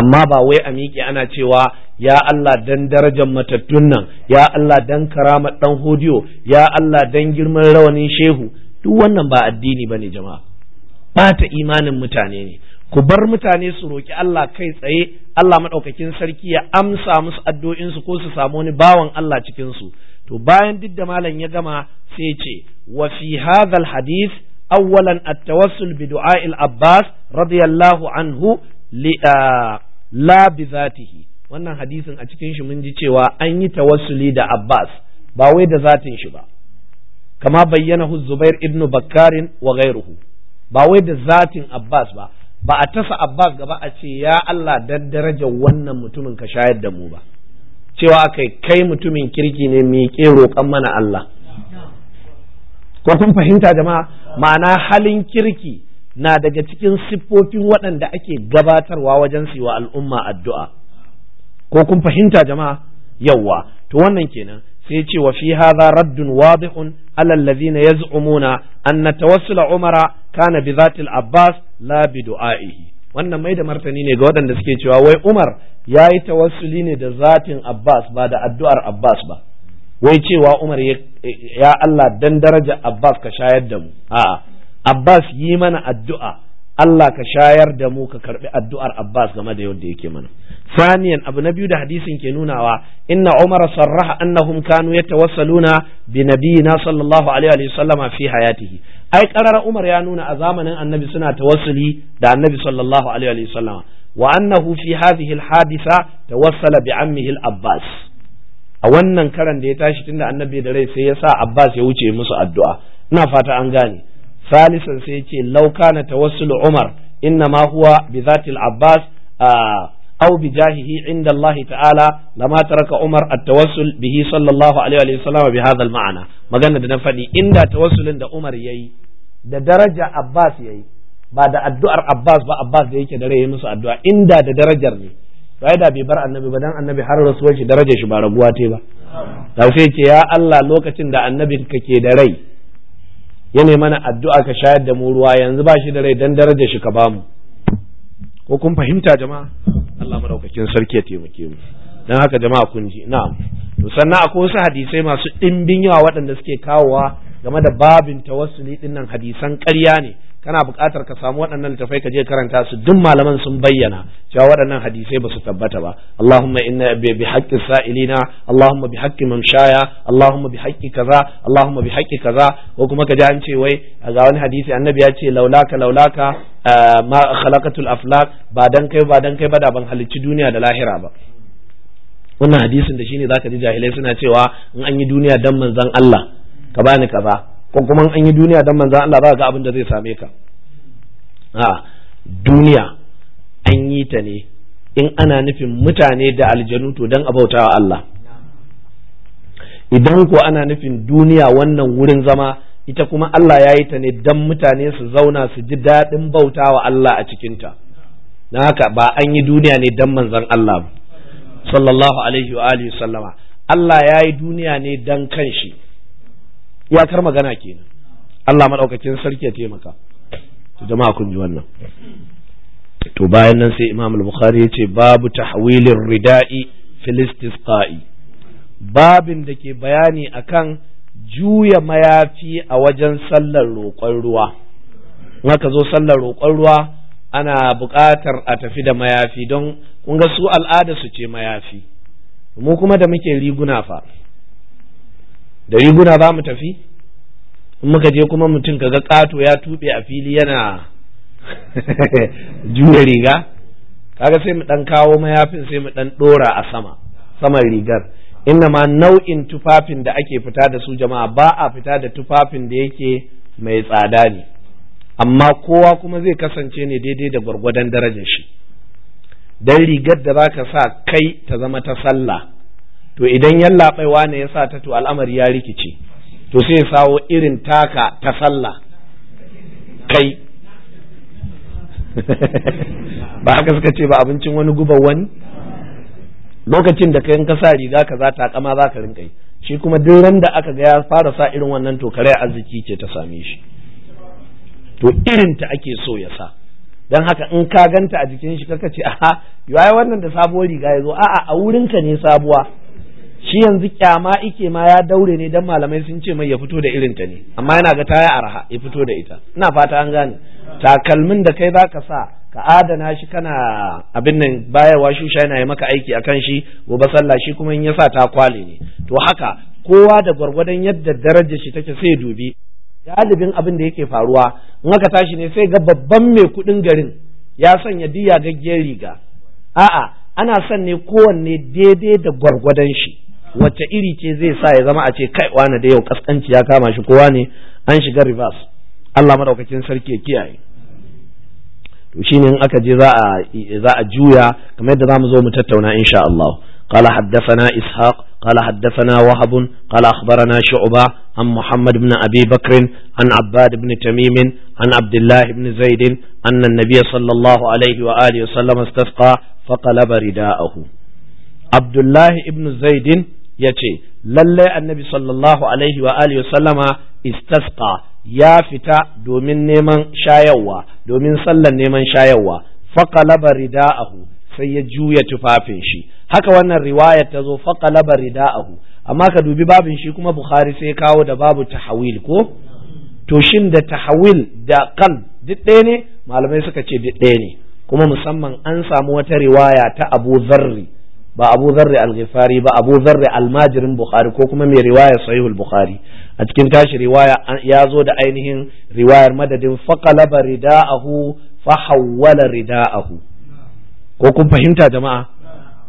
amma ba wai a miƙe ana cewa ya Allah dan darajar matattun nan ya Allah dan karamar dan hodiyo ya Allah dan girman rawanin shehu duk wannan ba addini ba ne jama'a Ba ta imanin mutane ne ku bar mutane su roƙi Allah kai tsaye Allah maɗaukakin sarki ya amsa musu addu'o'insu ko su samu wani bawan Allah cikin su to bayan duk da malam ya gama sai ce wa fi hadha hadith awwalan at-tawassul bi du'a'il Abbas radiyallahu anhu la bi zatihi wannan hadisin a cikin shi mun ji cewa an yi tawassuli da Abbas ba wai da zatin shi ba kama bayyana Zubair ibn Bakkarin wa ghairuhu ba wai da zatin Abbas ba ba a tasa Abbas gaba a ce ya Allah dan darajar wannan mutumin ka shayar da mu ba cewa kai kai mutumin kirki ne ke roƙon mana Allah ko kun fahimta jama'a ma'ana halin kirki na daga cikin siffofin waɗanda ake gabatarwa wajen siyo al'umma addu'a ko kun fahimta jama'a yawwa to wannan kenan sai ce wa fi hadha raddun wadihun ala alladhina yaz'umuna anna tawassula umara kana bi zatil abbas la bi du'aihi wannan mai da martani ne ga waɗanda suke cewa wai umar yayi tawassuli ne da zatin abbas ba da addu'ar abbas ba wai cewa umar ya Allah dan daraja abbas ka shayar da mu a'a Abbas yi mana addu'a Allah ka shayar da mu ka karɓi addu'ar Abbas game da yadda yake mana saniyan abu na biyu da hadisin ke nunawa inna Umar sarraha annahum kanu yatawassaluna bi nabiyina sallallahu alaihi wa sallama fi hayatihi ai qarar Umar ya nuna a zamanin annabi suna tawassuli da annabi sallallahu alaihi wa sallama wa annahu fi hadhihi al tawassala bi ammihi al-Abbas a wannan karan da ya tashi tunda annabi da rai sai ya sa Abbas ya wuce musu addu'a ina fata an gane salisan sai yace law kana tawassul umar inna ma huwa bi zatil abbas aw bi inda allah ta'ala lama taraka umar a tawassul bihi sallallahu alaihi wa sallam bi hadha ma'ana. mana magana da na faɗi inda tawassulin da umar yayi da daraja abbas yayi ba da addu'ar abbas ba abbas da yake da rai musu addu'a inda da darajar ne bai da bai bar annabi ba dan annabi har rasuwar shi darajar shi ba raguwa te ba da sai ce ya Allah lokacin da annabin ka ke da rai yana mana addu'a ka shayar da mu ruwa yanzu ba shi da rai dan daraja shi ka bamu ko kun fahimta jama'a Allah madaukakin sarki ya taimake mu dan haka jama'a kun ji na'am to sannan akwai wasu hadisai masu ɗimbin yawa waɗanda suke kawowa game da babin tawassuli dinnan hadisan ƙarya ne kana buƙatar ka samu waɗannan littafai ka je karanta su duk malaman sun bayyana cewa waɗannan hadisai ba su tabbata ba Allahumma inna bi haqqi sa'ilina Allahumma bi haqqi mamshaya Allahumma bi haqqi kaza Allahumma bi haqqi kaza ko kuma ka ji an ce wai ga wani hadisi annabi ya ce laulaka laulaka eh, ma khalaqatul aflaq ba dan kai ba dan kai ba da ban halicci duniya da lahira ba wannan hadisin da shine zaka ji jahilai suna cewa in an yi duniya dan manzon Allah ka bani kaza ko kuma an yi duniya don manzan Allah za ga abin da zai same ka a duniya an yi ta ne in ana nufin mutane da aljanu to don abautawa Allah idan ko ana nufin duniya wannan wurin zama ita kuma Allah ya yi ta ne don mutane su zauna su ji daɗin bautawa Allah a cikinta na haka ba an yi duniya ne don manzan Allah sallallahu alaihi wa alihi sallama Allah ya yi duniya ne don kanshi iyakar magana kenan Allah madaukakin sarki ya taimaka to jama'a kun ji wannan to bayan nan sai Imam al-Bukhari ya ce babu tahwilir rida'i fil istisqa'i babin da ke bayani akan juya mayafi a wajen sallar roƙon ruwa in ka zo sallar roƙon ruwa ana buƙatar a tafi da mayafi don kun ga su al'ada su ce mayafi mu kuma da muke riguna fa da riguna ba mu tafi in muka je kuma mutum ka ga ƙato ya tuɓe a fili yana *laughs* jure riga kaga sai mu ɗan kawo mayafin sai mu ɗan ɗora a sama saman rigar inna ma nau'in tufafin da ake fita da su jama'a ba a fita da tufafin da yake mai tsada ne amma kowa kuma zai kasance ne daidai da gwargwadon darajar shi dan rigar da za ka sa kai ta zama ta sallah to idan yallaɓaiwa ne ya sa ta to al'amari ya rikice to sai sawo irin taka ta sallah kai *laughs* ba haka suka ce ba abincin wani guba wani lokacin da kayan kasa riga ka za ta kama za ka rinka yi shi kuma duk ran da aka ga ya fara sa irin wannan to kare arziki ce ta same shi to irin ta ake so ya sa dan haka in ka ganta a jikin shi kaka ce aha yayi wannan da sabuwar riga ya zo a'a a wurinka ne sabuwa shi yanzu kyama ike ma ya daure ne dan malamai sun ce mai ya fito da irin ta ne amma yana ga ta arha ya fito da ita ina fata an gane takalmin da kai zaka sa ka adana shi kana abin nan bayawa shusha yana yi maka aiki akan shi gobe sallah shi kuma in ya sa ta kwale ne to haka kowa da gwargwadon yadda darajar shi take sai dubi galibin abin da yake faruwa in aka tashi ne sai ga babban mai kudin garin ya sanya diya gaggiyar riga a'a ana son ne kowanne daidai da gwargwadon shi wacce iri ce zai sa ya zama a ce kai wani da yau kaskanci ya kama shi kowa ne an shiga reverse Allah madaukakin sarki ya kiyaye to shine in aka je za a za a juya kamar yadda zamu zo mu tattauna insha Allah قال حدثنا إسحاق قال حدثنا وهب قال أخبرنا شعبة عن محمد بن أبي بكر عن عباد بن تميم عن عبد الله بن زيد أن النبي صلى الله عليه وآله وسلم استسقى فقلب رداءه عبد الله بن زيد ya ce lallai annabi sallallahu alaihi wa alihi sallama istasqa ya fita domin neman shayarwa domin sallan neman shayarwa faqalaba rida'ahu sai ya juya tufafin shi haka wannan riwaya ta zo faqalaba rida'ahu amma ka dubi babin shi kuma bukhari sai kawo da babu tahawil ko to shin da tahawil da kal duk ɗaya ne malamai suka ce duk ɗaya ne kuma musamman an samu wata riwaya ta Abu Zarri ba abu zarri al-ghifari ba abu zarri al-majirin bukhari ko kuma mai riwaya sahihul bukhari a cikin tashi riwaya ya zo da ainihin riwayar madadin faqalaba rida'ahu fa hawwala rida'ahu ko kun fahimta jama'a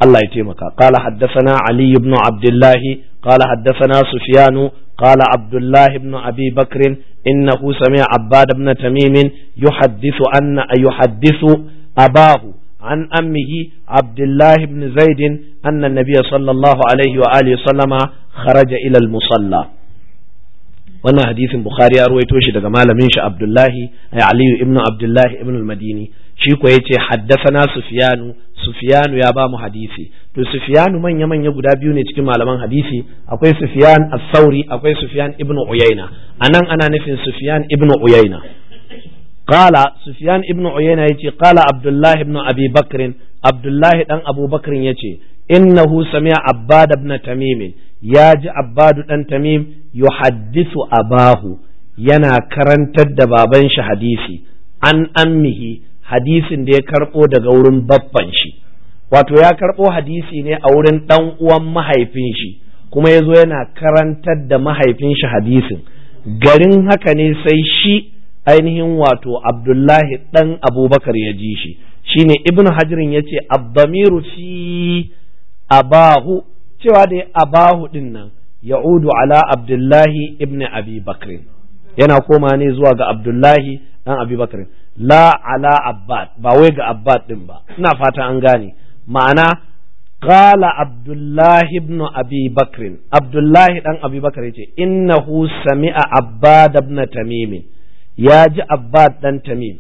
Allah ya taimaka qala haddathana ali ibn abdullah qala haddathana sufyan qala abdullah ibn abi bakr innahu sami'a abbad ibn tamim yuhaddithu anna yuhaddithu abahu عن أمه عبد الله بن زيد أن النبي صلى الله عليه وآله وسلم خرج إلى المصلى wannan hadisin bukhari ya ruwaito shi daga malamin shi abdullahi aliyu ibnu abdullahi ibnu madini shi ko yace haddathana sufyanu sufyanu ya ba mu hadisi to sufyanu manya manya guda biyu ne cikin malaman hadisi akwai sufyan as-sauri akwai sufyan ibnu uyaina anan ana nufin sufyan ibnu uyaina qala sufyan ibn uyayna yace qala abdullahi ibn abi bakr abdullahi dan Abubakar yace innahu sami'a abbad ibn tamim ya ji abbadu dan tamim yuhaddisu abahu yana karantar da baban shi hadisi an ammihi hadisin da ya karbo daga wurin babban shi wato ya karbo hadisi ne a wurin dan uwan mahaifin shi kuma ya zo yana karantar da mahaifin shi hadisin garin haka ne sai shi ainihin wato abdullahi ɗan abubakar ya ji shi shine ibnu hajirin ya ce abdamiru fi abahu cewa da abahu ɗin nan ya'udu ala abdullahi ibn abi yana koma ne zuwa ga abdullahi dan abi la ala abbad ba wai ga abbad ɗin ba ina fata an gane ma'ana kala abdullahi ibn بن أبي بكر عبد الله بن أبي بكر إنه سمع عباد ya ji abbad dan tamim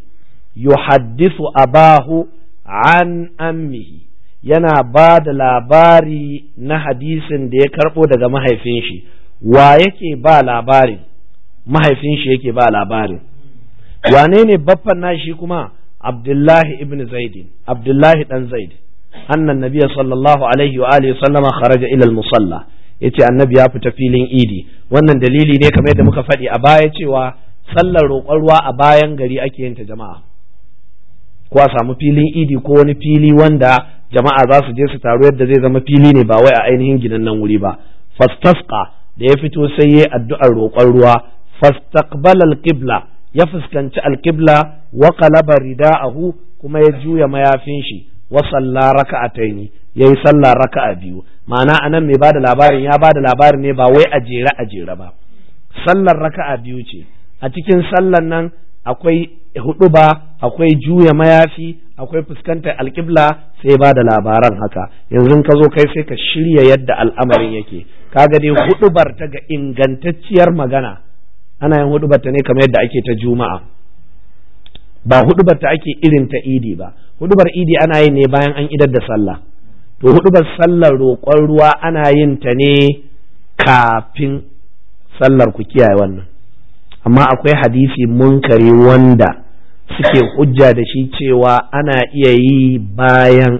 yuhaddisu abahu an ammihi yana ba da labari na hadisin da ya karɓo daga mahaifin shi wa yake ba labarin mahaifin shi yake ba labarin wane ne baffan nashi kuma abdullahi ibn zaidin abdullahi dan zaid annan nabiya sallallahu alaihi wa alihi sallama kharaja ila musalla yace annabi ya fita filin idi wannan dalili ne kamar yadda muka faɗi a baya cewa sallar roƙon ruwa a bayan gari ake yin ta jama'a ko a samu filin idi ko wani fili wanda jama'a za su je su taru yadda zai zama fili ne ba wai a ainihin gidan nan wuri ba fastasqa da ya fito sai yayi addu'ar roƙon ruwa fastaqbala alqibla ya fuskanci alqibla wa qalaba rida'ahu kuma ya juya mayafin shi wa salla raka'ataini yayi sallar raka'a biyu ma'ana anan mai bada labarin ya bada labarin ne ba wai a jere a jere ba sallar raka'a biyu ce a cikin sallan nan akwai huɗuba, akwai juya mayafi akwai fuskantar alƙibla sai ba da labaran haka yanzu ka zo kai sai ka shirya yadda al'amarin yake kaga dai bar ta ga ingantacciyar magana ana yin hudubar ta ne kamar yadda ake ta juma'a ba hudubar ta ake irin ta idi ba hudubar idi ana yi ne bayan an idar da sallah to huɗubar sallar roƙon ruwa ana yin ta ne kafin sallar ku kiyaye wannan amma akwai hadisi munkari wanda suke hujja da shi cewa ana iya yi bayan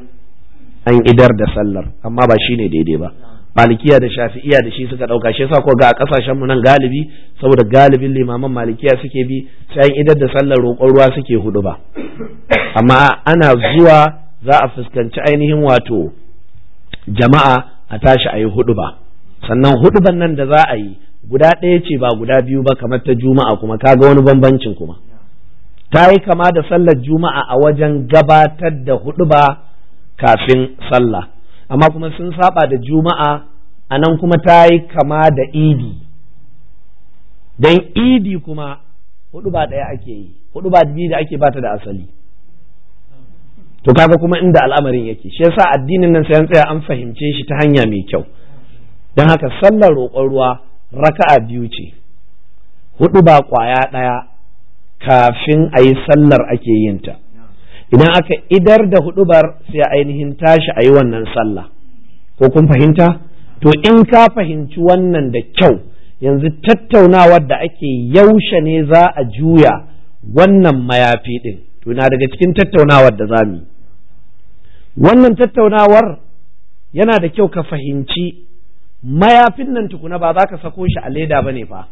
an idar da sallar amma ba shine daidai ba malikiya da shafi'iya da shi suka ɗauka shi yasa ko ga a kasashen nan galibi saboda galibin limaman malikiya suke bi sai an idar da sallar roƙon ruwa suke hudu ba amma ana zuwa za a fuskanci ainihin wato jama'a a tashi a yi hudu ba sannan hudu nan da za a yi guda ɗaya ce ba guda biyu ba kamar ta juma'a kuma kaga wani bambancin kuma ta yi kama da sallar juma'a a wajen gabatar da hudu ba kafin sallah amma kuma sun saba da juma'a a nan kuma ta yi kama da idi don idi kuma hudu ba ɗaya ake yi hudu ba biyu da ake bata da asali to kaga kuma inda al'amarin yake shi yasa addinin nan sai an tsaya an fahimce shi ta hanya mai kyau don haka sallar roƙon ruwa raka'a biyu ce hudu ba kwaya ɗaya kafin a yi sallar ake yin ta idan aka idar da huɗubar sai ainihin tashi a yi wannan sallah ko kun fahimta to in ka fahimci wannan da kyau yanzu tattaunawar da ake yaushe ne za a juya wannan mayafi ɗin to na daga cikin tattaunawar da za mu yi wannan tattaunawar yana da kyau ka fahimci mayafin nan tukuna ba za ka sako shi a leda ba ne fa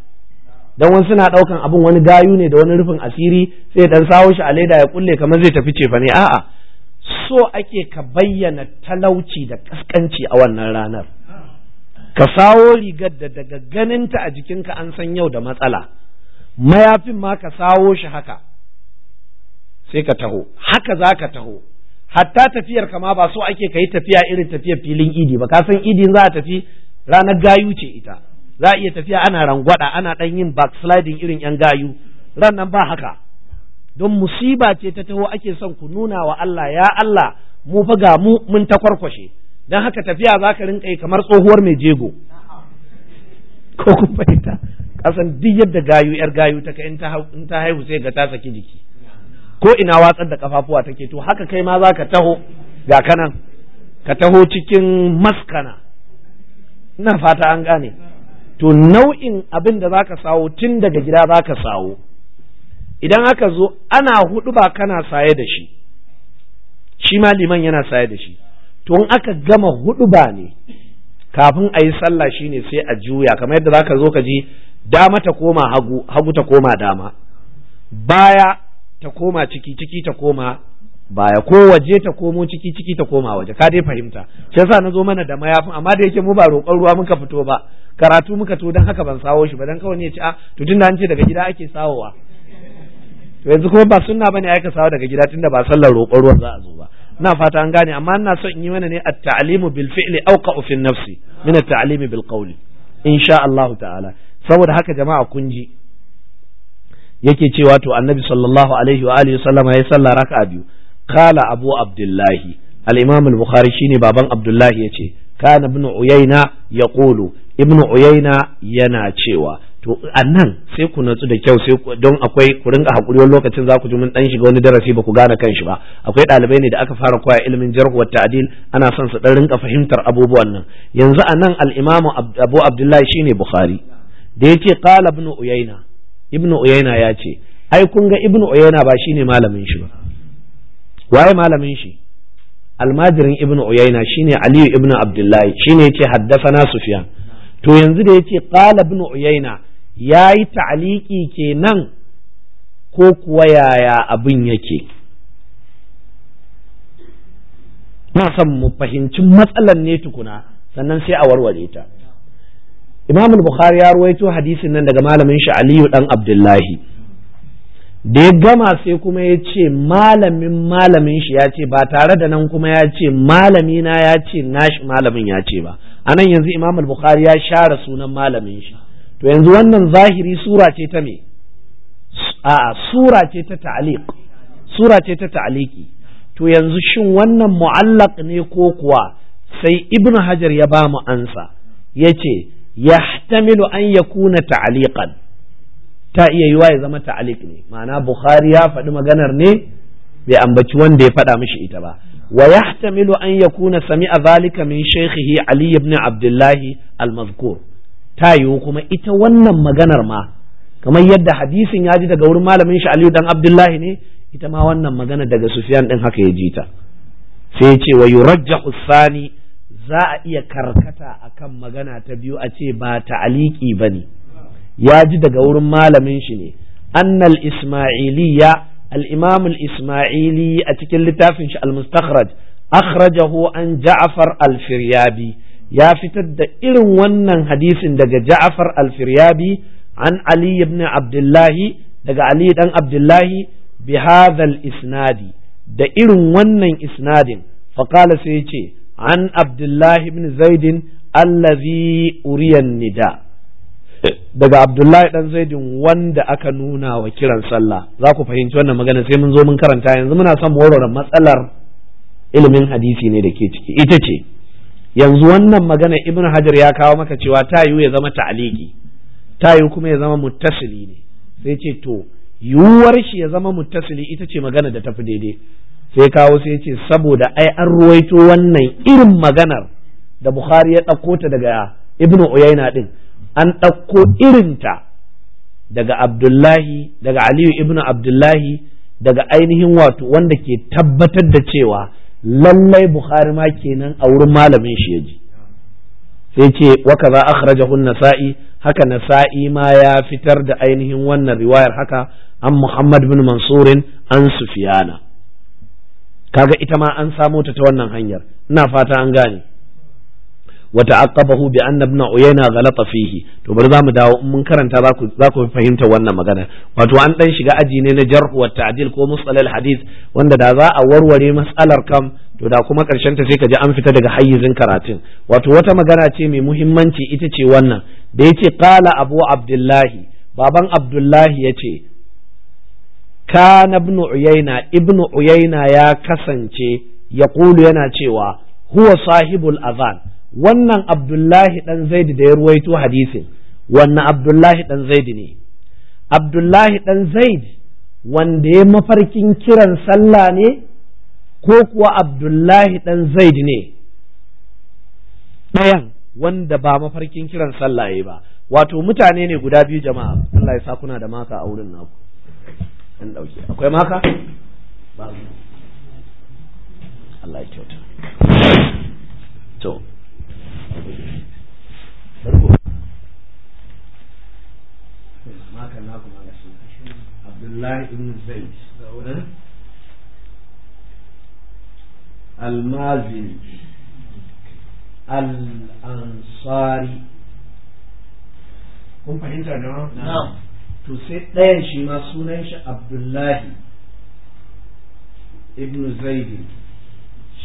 dan wani suna daukan abin wani gayu ne da wani rufin asiri sai dan sawo shi a leda ya kulle kamar zai tafi ce ne a'a so ake ka bayyana talauci da kaskanci a wannan ranar ka sawo rigar da daga ganinta a jikinka an san yau da matsala mayafin ma ka sawo shi haka sai ka taho haka za ka taho hatta tafiyar kama ba so ake ka yi tafiya irin tafiyar filin idi ba ka san idin za a tafi ranar gayu ce ita za a iya tafiya ana rangwada ana dan yin backsliding irin yan gayu ran ba haka don musiba ce ta taho ake son ku nuna wa Allah ya Allah mu fa ga mu mun ta kwarkwashe don haka tafiya za ka rinka yi kamar tsohuwar mai jego ko kun fahimta kasan duk yadda gayu yar gayu ta kai in ta haihu sai ga ta saki jiki ko ina watsar da kafafuwa take to haka kai ma za ka taho ga kanan ka taho cikin maskana ina fata an gane to nau'in abin da zaka sawo tun daga gida zaka sawo idan aka zo ana hudu ba kana saye da shi shi ma liman yana saye da shi to in aka gama hudu ba ne kafin a yi sallah shine sai a juya kamar yadda zaka zo ka ji dama ta koma hagu hagu ta koma dama baya ta koma ciki ciki ta koma baya ko waje ta komo ciki ciki ta koma waje ka dai fahimta shi yasa na zo mana da mayafin amma da yake mu ba roƙon ruwa muka fito ba karatu muka to dan haka ban sawo shi ba dan kawai ne ce a ah, to tunda an ce daga gida ake sawowa to yanzu kuma ba sunna bane ai ka sawo daga gida tunda ba sallar roƙon ruwa za a zo ba ina fata an gane amma ina so in yi mana ne at-ta'limu bil fi'li awqa'u fi nafsi min at-ta'limi bil qawli insha Allah ta'ala saboda haka jama'a kun ji yake cewa to annabi sallallahu alaihi wa alihi sallama ya sallah raka'a biyu kala abu abdullahi al-imam al-bukhari shine baban abdullahi yace kana ibn uyayna yaqulu ibnu uyayna yana cewa to annan sai ku natsu da kyau sai don akwai ku ringa hakuri wani lokacin za ku ji mun dan shiga wani darasi ba ku gane kanshi ba akwai ɗalibai ne da aka fara koya ilimin jarh wa ta'dil ana son su dan ringa fahimtar abubuwan nan yanzu anan al-imamu Abu Abdullahi shine Bukhari da yace qala ibn Uyayna ibn Uyayna ya ce ai kun ga ibn Uyayna ba shine malamin shi ba waye malamin shi almajirin ibnu uyayna shine aliyu Ibn abdullahi shine yace haddathana sufyan to yanzu da yace qala ibn uyayna yayi ta'liqi kenan ko kuwa yaya abin yake na son mu fahimci matsalar ne tukuna sannan sai a warware ta imam bukhari ya ruwaito hadisin nan daga malamin shi aliyu dan abdullahi da ya gama sai kuma ya ce malamin malamin shi ya ce ba tare da nan kuma ya ce malami na ya ce nashi malamin ya ce ba anan yanzu imam bukhari ya share sunan malamin shi to yanzu wannan zahiri sura ce ta me a'a sura ce ta ta'liq sura ce ta ta'liqi to yanzu shin wannan mu'allaq ne ko kuwa sai ibnu hajar ya ba mu ansa yace yahtamilu an yakuna ta'liqan ta iya yiwa ya zama ta'alik ne ma'ana bukhari ya faɗi maganar ne bai ambaci wanda ya faɗa mishi ita ba wa yahtamilu an yakuna sami'a zalika min shaykhihi ali ibn abdullah al-mazkur ta yiwu kuma ita wannan maganar ma kamar yadda hadisin ya ji daga wurin malamin shi aliyu dan abdullahi ne ita ma wannan magana daga sufyan din haka ya ji ta sai ya ce wa yurajjahu sani za a iya karkata akan magana ta biyu a ce ba ta'aliki bane ya ji daga wurin malamin shi ne annal isma'iliya al-imam al-isma'ili a cikin littafin shi al-mustakhraj akhrajahu an ja'far alfiryabi, ya fitar da irin wannan hadisin daga ja'far alfiryabi an ali ibn abdullahi daga ali dan abdullahi bi hadhal isnadi da irin wannan isnadin faqala sai ce an abdullahi ibn zaidin allazi uriyan nida daga Abdullahi dan Zaidin wanda aka nuna wa kiran sallah za ku fahimci wannan magana sai mun zo mun karanta yanzu muna son warwara matsalar ilimin hadisi ne da ke ciki ita ce yanzu wannan magana Ibn Hajar ya kawo maka cewa ta yiwu ya zama ta'aliki ta yiwu kuma ya zama muttasili ne sai ce to yiwuwar shi ya zama muttasili ita ce magana da tafi daidai sai kawo sai ce saboda ai an ruwaito wannan irin maganar da Bukhari ya ɗauko ta daga Ibnu Uyayna din an ɗauko irinta daga abdullahi daga aliyu ibnu abdullahi daga ainihin wato wanda ke tabbatar da cewa lallai bukhari ma kenan a wurin malamin shi ya ji sai ce waka za akhrajahu nasa'i haka nasa'i ma ya fitar da ainihin wannan riwayar haka an muhammad bin mansurin an sufiyana kaga ita ma an samo ta ta wannan hanyar ina fata an gane Wata وتعقبه بأن ابن عيينة غلط فيه to bari zamu dawo in mun karanta za ku za ku fahimta wannan magana wato an ɗan shiga aji ne na jarh wa ko matsalar hadith wanda da za a warware matsalar kam to da kuma karshen ta sai ka ji an fita daga hayyizin karatun wato wata magana ce mai muhimmanci ita ce wannan da yace qala abu abdullahi baban abdullahi yace kana ibn uyayna ibn uyayna ya kasance yaqulu yana cewa huwa sahibul azan wannan abdullahi dan zaidi da ya ruwaito hadisin wannan abdullahi dan zaidi ne abdullahi dan zaidi wanda ya mafarkin kiran sallah ne ko kuwa abdullahi dan zaidi ne ɗayan wanda ba mafarkin kiran sallah ya ba wato mutane ne guda biyu jama'a Allah ya sa kuna da maka a wurin naku an dauke akwai maka ba Allah ya kyauta to maka na kuma ga abdullahi ibn zaid almazin al'ansari kun fahimta da na'am to sai ɗayan shi ma sunan shi abdullahi ibn zaid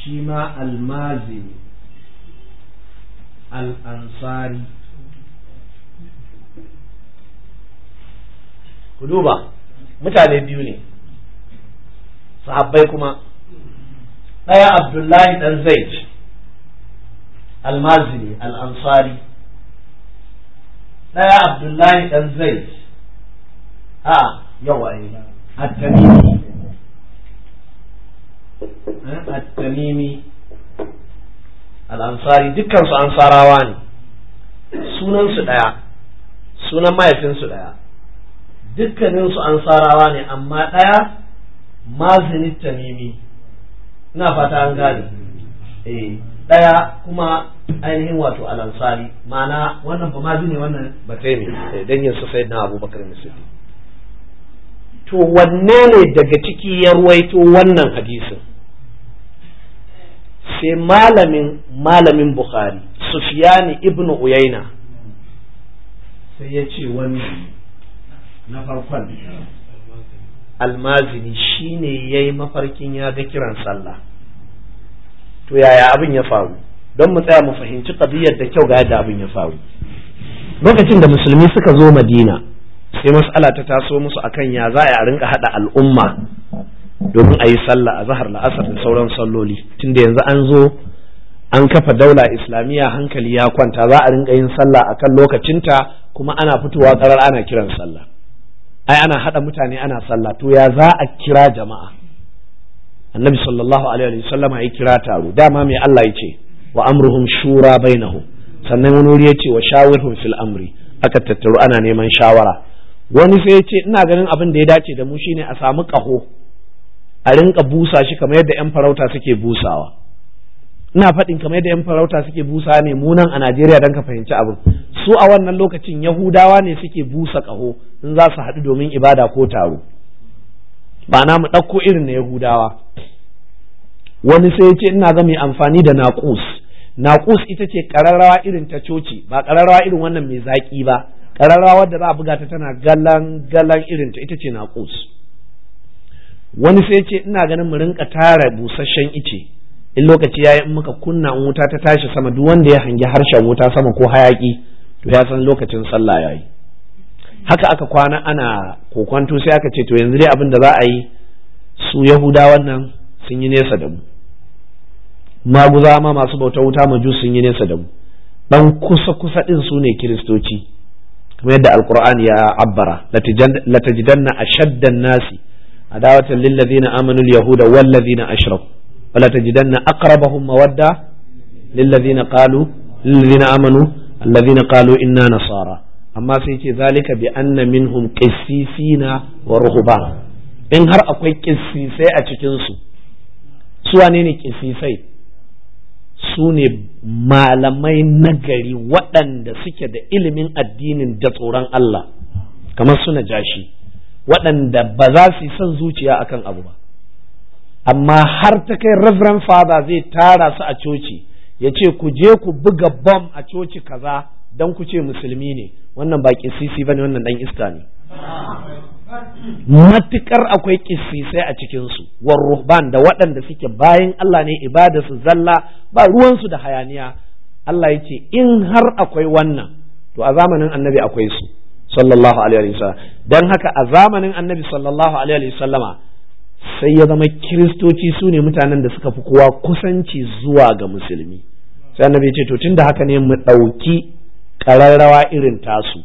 shi al-ansari ku duba mutane biyu ne sahabbai kuma ɗaya abdullahi dan zaid almazini al-ansari ɗaya abdullahi dan zaid a yawa ne at-tamimi eh, at-tamimi al'ansari dukkansu ansarawa ne sunansu ɗaya sunan mahaifinsu ɗaya dukkaninsu ansarawa ne amma ɗaya mazini tamimi ina fata an gane eh, ɗaya kuma ainihin wato al'ansari ma'ana wannan ba mazini wannan ba taimi eh, don yin su sai na abubakar musulmi to wanne ne daga ciki ya ruwaito wannan hadisin sai malamin malamin bukhari sufiyani ibn uyaina sai ya ce wannan na farkon almazini shine ya yi mafarkin ya ga kiran sallah to yaya abin ya faru don mu tsaya mu fahimci kabiyar da kyau ga yadda abin ya faru lokacin da musulmi suka zo madina sai mas'ala ta taso musu akan ya za a rinka haɗa al'umma domin a yi sallah a zahar la'asar da sauran salloli tunda yanzu an zo an kafa daula islamiyya hankali ya kwanta za a rinka yin sallah a kan lokacinta kuma ana fitowa karar ana kiran sallah ai ana haɗa mutane ana sallah to ya za a kira jama'a annabi sallallahu alaihi wa sallama ya kira taro dama mai Allah ya ce wa amruhum shura bainahum sannan wani wuri ya ce wa shawirhum fil amri aka tattaru ana neman shawara wani sai ya ce ina ganin abin da ya dace da mu shine a samu ƙaho a rinka busa shi kamar yadda 'yan farauta suke busawa ina faɗin kamar yadda 'yan farauta suke busa ne mu a Najeriya don ka fahimci abin su a wannan lokacin Yahudawa ne suke busa ƙaho in za su haɗu domin ibada ko taro ba na mu ɗauko irin na Yahudawa wani sai ya ce ina ga mai amfani da naƙus naƙus ita ce ƙararrawa irin ta coci ba ƙararrawa irin wannan mai zaƙi ba ƙararrawa da za a buga ta tana galan galan irin ta ita ce naƙus wani sai ce ina ganin mu rinka tara busasshen ice in lokaci yayi in muka kunna in wuta ta tashi sama duk wanda ya hangi harshen wuta sama ko hayaki to ya san lokacin sallah yayi haka aka kwana ana kokwanto sai aka ce to yanzu dai abin da za a yi su yahudawan nan sun yi nesa da mu maguza ma masu bautar wuta maju sun yi nesa da mu dan kusa kusa din su ne kiristoci kamar yadda alqur'ani ya abbara latajidanna ashaddan nasi adawatan lil ladina amanu al yahuda wal ladina ashraku wala tajidanna aqrabahum mawadda lil ladina qalu lil ladina amanu alladhina qalu inna nasara amma sai ce zalika bi anna minhum qissisina wa ba in har akwai qissisai a cikin su su wane ne su ne malamai nagari waɗanda suke da ilimin addinin da tsoron Allah kamar suna jashi waɗanda ba za su yi son zuciya akan abu ba amma har ta kai reverend father zai tara su a coci ya ce ku je ku buga bom a coci kaza don ku ce musulmi ne wannan ba kisisi ba ne wannan dan iska ne matukar akwai kisisai a cikinsu war ruhban da waɗanda suke bayan Allah ne ibada su zalla ba ruwansu da hayaniya Allah ya ce in har akwai wannan to a zamanin annabi akwai su sallallahu alaihi wasallam dan haka a zamanin annabi sallallahu alaihi wasallama sai ya zama kiristoci su ne mutanen da suka fi kowa kusanci zuwa ga musulmi sai annabi ce to tunda haka ne mu ɗauki ƙararrawa irin tasu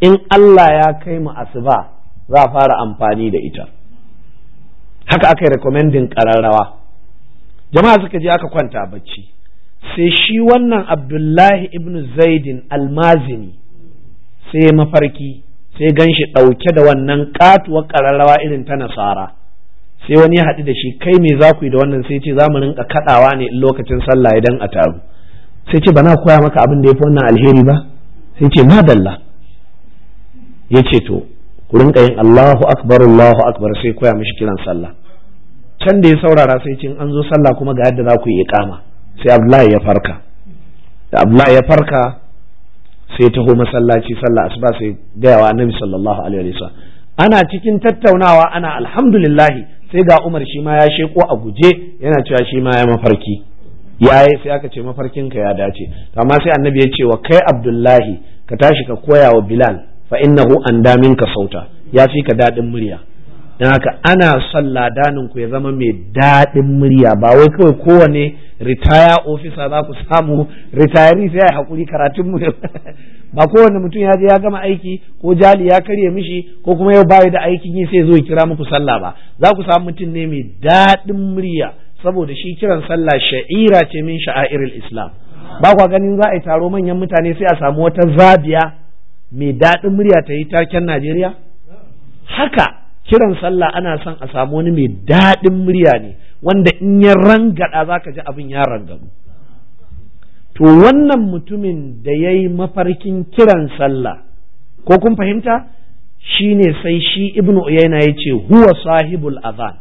in Allah ya kai mu asuba za a fara amfani da ita haka aka yi rekomendin ƙararrawa jama'a suka je aka kwanta bacci sai shi wannan abdullahi ibn zaidin almazini sai mafarki sai gan shi ɗauke da wannan katuwar ƙararrawa irin ta nasara sai wani ya haɗu da shi kai me za ku yi da wannan sai ce za mu rinka kaɗawa ne lokacin sallah idan a taru sai ce ba na koya maka abin da ya fi wannan alheri ba sai ce madalla ya ce to ku rinka yin Allahu akbar Allahu akbar sai koya mishi kiran sallah can da ya saurara sai ce an zo sallah kuma ga yadda za ku yi kama sai Abdullahi ya farka da Abdullahi ya farka sai taho masallaci sallah asuba sai gaya wa annabi sallallahu alaihi wasallam ana cikin tattaunawa ana alhamdulillahi sai ga Umar shi ma ya sheko a guje yana cewa shi ma ya mafarki yayi sai aka ce mafarkin ka ya dace amma sai annabi ya ce wa kai Abdullahi ka tashi ka koya wa Bilal fa innahu andamin ka sauta ya fi ka dadin murya don haka ana son ladaninku ya zama mai daɗin murya ba wai kawai kowane ritaya ofisa za ku samu ritayari sai ya haƙuri karatun mu *laughs* ba kowane mutum ya je ya gama aiki ko jali ya karye mishi ko kuma yau bayi da aikin yi sai zo ya kira muku sallah ba za ku samu mutum ne mai daɗin murya saboda shi kiran sallah sha'ira ce min sha'a'irul islam ba kwa ganin za a yi taro manyan mutane sai a samu wata zabiya mai daɗin murya ta yi taken najeriya haka kiran sallah ana son a samu wani mai daɗin murya ne wanda in ya rangada za ka ji abin ya rangadu to wannan mutumin da ya yi mafarkin kiran sallah ko kun fahimta shi ne sai shi ibnu uyaina ya ce huwa sahibul azan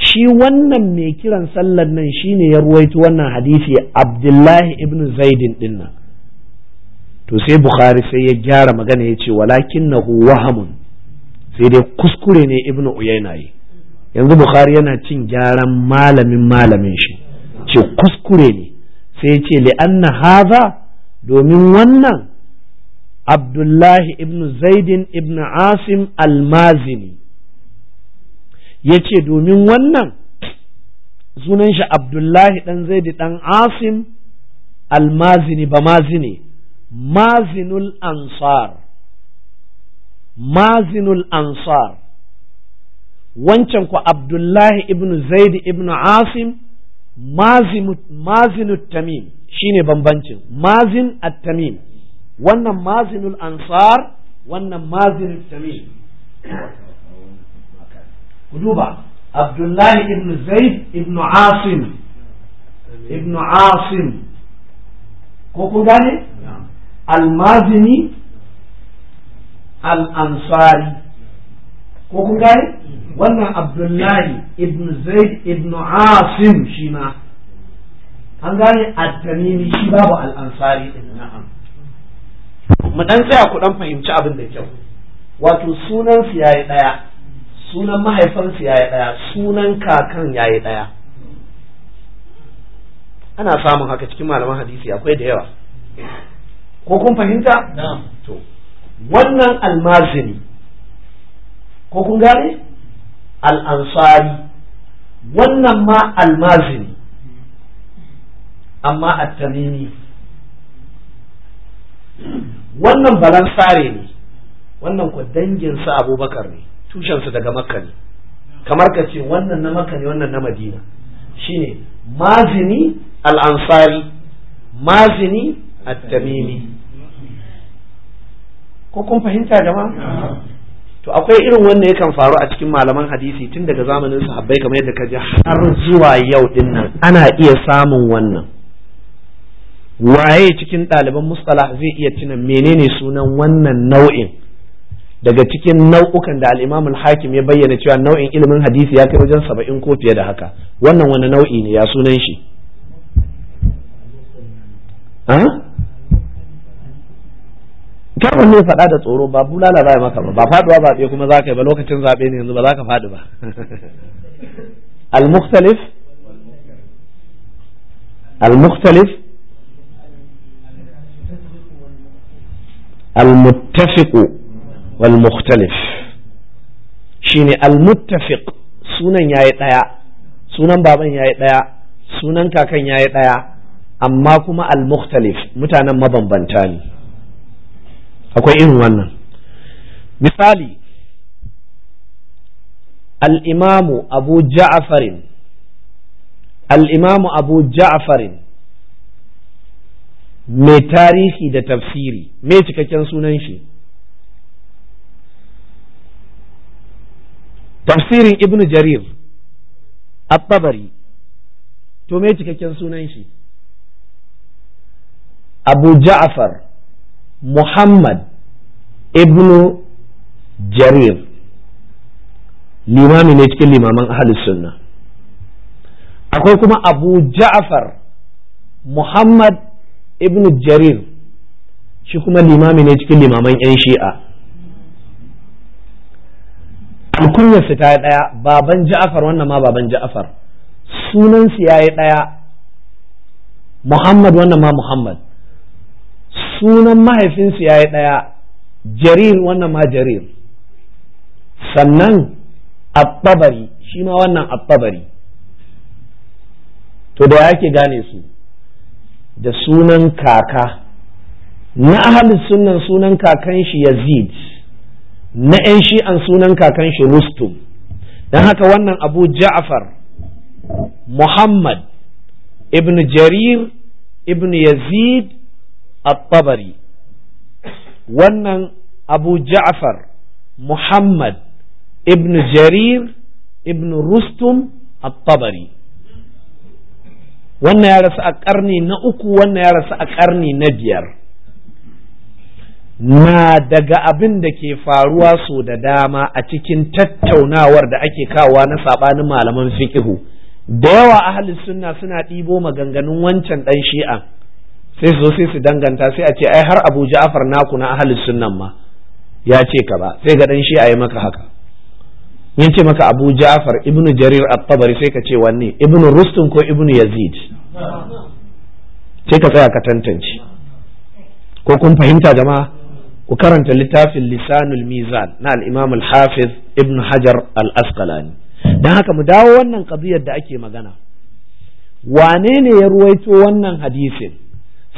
shi wannan mai kiran sallar nan shi ne ya ruwaito wannan hadisi abdullahi ibn zaidin dinnan to sai bukhari sai ya gyara magana ya ce walakin na wahamun sai dai kuskure ne ibnu uyayna yi yanzu bukhari yana cin gyaran malamin malamin shi ce kuskure ne sai ya ce li'anna haza domin wannan abdullahi Ibnu zaidin ibn asim almazini ya ce domin wannan sunan shi abdullahi dan zaidi dan asim almazini ba mazini mazinul ansar mazinul ansar wancan ku abdullahi ibn zaid ibn asim mazinut shine bambancin mazin at-tamim wannan mazinul ansar wannan mazinut ku duba abdullahi ibn zaid ibn asim ibn asim ko kun gane almazini Al'ansari. ko kun gane wannan abdullahi ibn zaid ibn asim shi ma an gane at-tamimi shi babu al'ansari. na'am mu ɗan tsaya ku ɗan fahimci abin da kyau wato sunan su yayi ɗaya? sunan mahaifansu yayi ɗaya? sunan kakan yayi ɗaya? ana samun haka cikin malaman hadisi akwai da yawa ko kun fahimta na'am to wannan almazini ko kun gane al'ansari wannan ma almazini amma attamimi wannan balansare ne wannan ku danginsa abubakar ne tushensa daga makka ne kamar ka ce wannan na makka ne wannan na madina shine mazini al'ansari mazini attamimi ko kun fahimta jama to akwai irin wanda yakan faru a cikin malaman hadisi tun daga zamanin sahabbai kamar yadda ka ji har zuwa yau din ana iya samun wannan waye cikin ɗaliban mustalah zai iya tuna menene sunan wannan nau'in daga cikin nau'ukan da al'imamul hakim ya bayyana cewa nau'in ilimin hadisi ya kai wajen saba'in ko fiye da haka wannan wani nau'i ne ya sunan shi kar ne faɗa da tsoro ba bulala ba maka ba ba faduwa zaɓe kuma za ka yi ba lokacin zaɓe ne yanzu ba za ka faɗi ba *laughs* al-mukhtalif al-mukhtalif al-muttafiq wal mukhtalif shine al-muttafiq sunan yayi daya sunan baban yayi daya sunan kakan yayi daya amma kuma al-mukhtalif mutanen mabambanta ne akwai irin wannan misali al'imamu abu ja'afarin al'imamu abu ja'afarin mai tarihi da tafsiri mai cikakken sunan shi tafsirin ibnu jarir at-tabari to me cikakken sunan shi abu ja'far muhammad ibnu jarir limami ne cikin limaman ahlus sunna akwai kuma abu ja'far muhammad ibnu jarir shi kuma limami ne cikin limaman 'yan shi'a alkunyarsu ta yi ɗaya baban ja'far wannan ma baban ja'far sunansu ya yi ɗaya muhammad wannan ma muhammad sunan mahaifinsu ya yi ɗaya jarir wannan ma jarir sannan abbabari shi ma wannan abbabari to da yake gane su da sunan kaka na ahalin sunan sunan kakan shi yazid na 'yan shi'an sunan kakan shi rustum don haka wannan abu ja'far muhammad ibn jarir ibn yazid abbabari. wannan abu ja'far muhammad ibn jarir ibn rustum at-tabari wannan ya rasu a ƙarni na uku wannan ya rasu a ƙarni na biyar na daga abin da ke faruwa so da dama a cikin tattaunawar da ake kawa na saɓanin malaman fiƙihu da yawa ahli sunna suna ɗibo maganganun wancan ɗan shi'a sai su zo sai su danganta sai a ce ai har Abu Ja'far naku na ahlus sunnan ma ya ce ka ba sai ga dan shi ayi maka haka yin ce maka Abu Ja'far ibnu Jarir at-Tabari sai ka ce wanne ibnu Rustun ko ibnu Yazid sai ka tsaya ka tantance ko kun fahimta jama'a ku karanta littafin lisanul mizan na al-Imam al-Hafiz ibnu Hajar al-Asqalani dan haka mu dawo wannan qadiyar da ake magana wane ne ya ruwaito wannan hadisin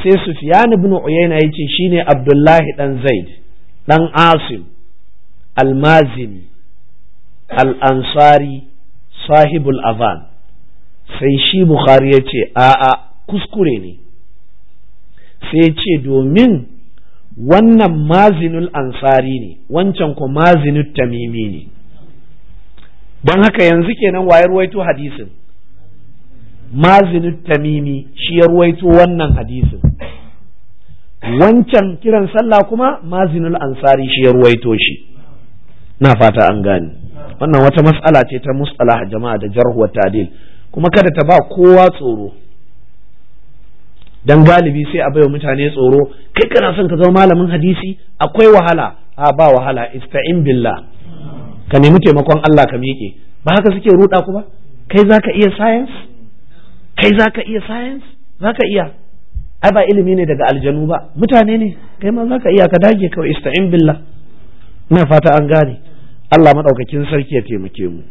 sai sufyan ibn uyayna yace shine abdullahi ɗan zaid ɗan asim almazini al-ansari sahibul avan sai shi bukhari yace a'a kuskure ne sai ce domin wannan mazinul ansari ne wancan ku mazinul tamimi ne don haka yanzu kenan wayar waito hadisin mazinu tamimi shi ya ruwaito wannan hadisin wancan kiran sallah kuma mazinul ansari shi ya ruwaito shi na fata an gane wannan wata matsala ce ta mus'ala jama'a da jarhu wa tadil kuma kada ta ba kowa tsoro dan galibi sai a baiwa mutane tsoro kai kana son ka zama malamin hadisi akwai wahala a ba wahala ista'in billah ka nemi taimakon Allah ka miƙe ba haka suke ruda ku ba kai zaka iya science kai za ka iya science za ka iya ai ba ilimi ne daga aljanu ba mutane ne kai ma za ka iya ka dage kawai ista'in billah ina fata an gane Allah maɗaukakin sarki ya taimake mu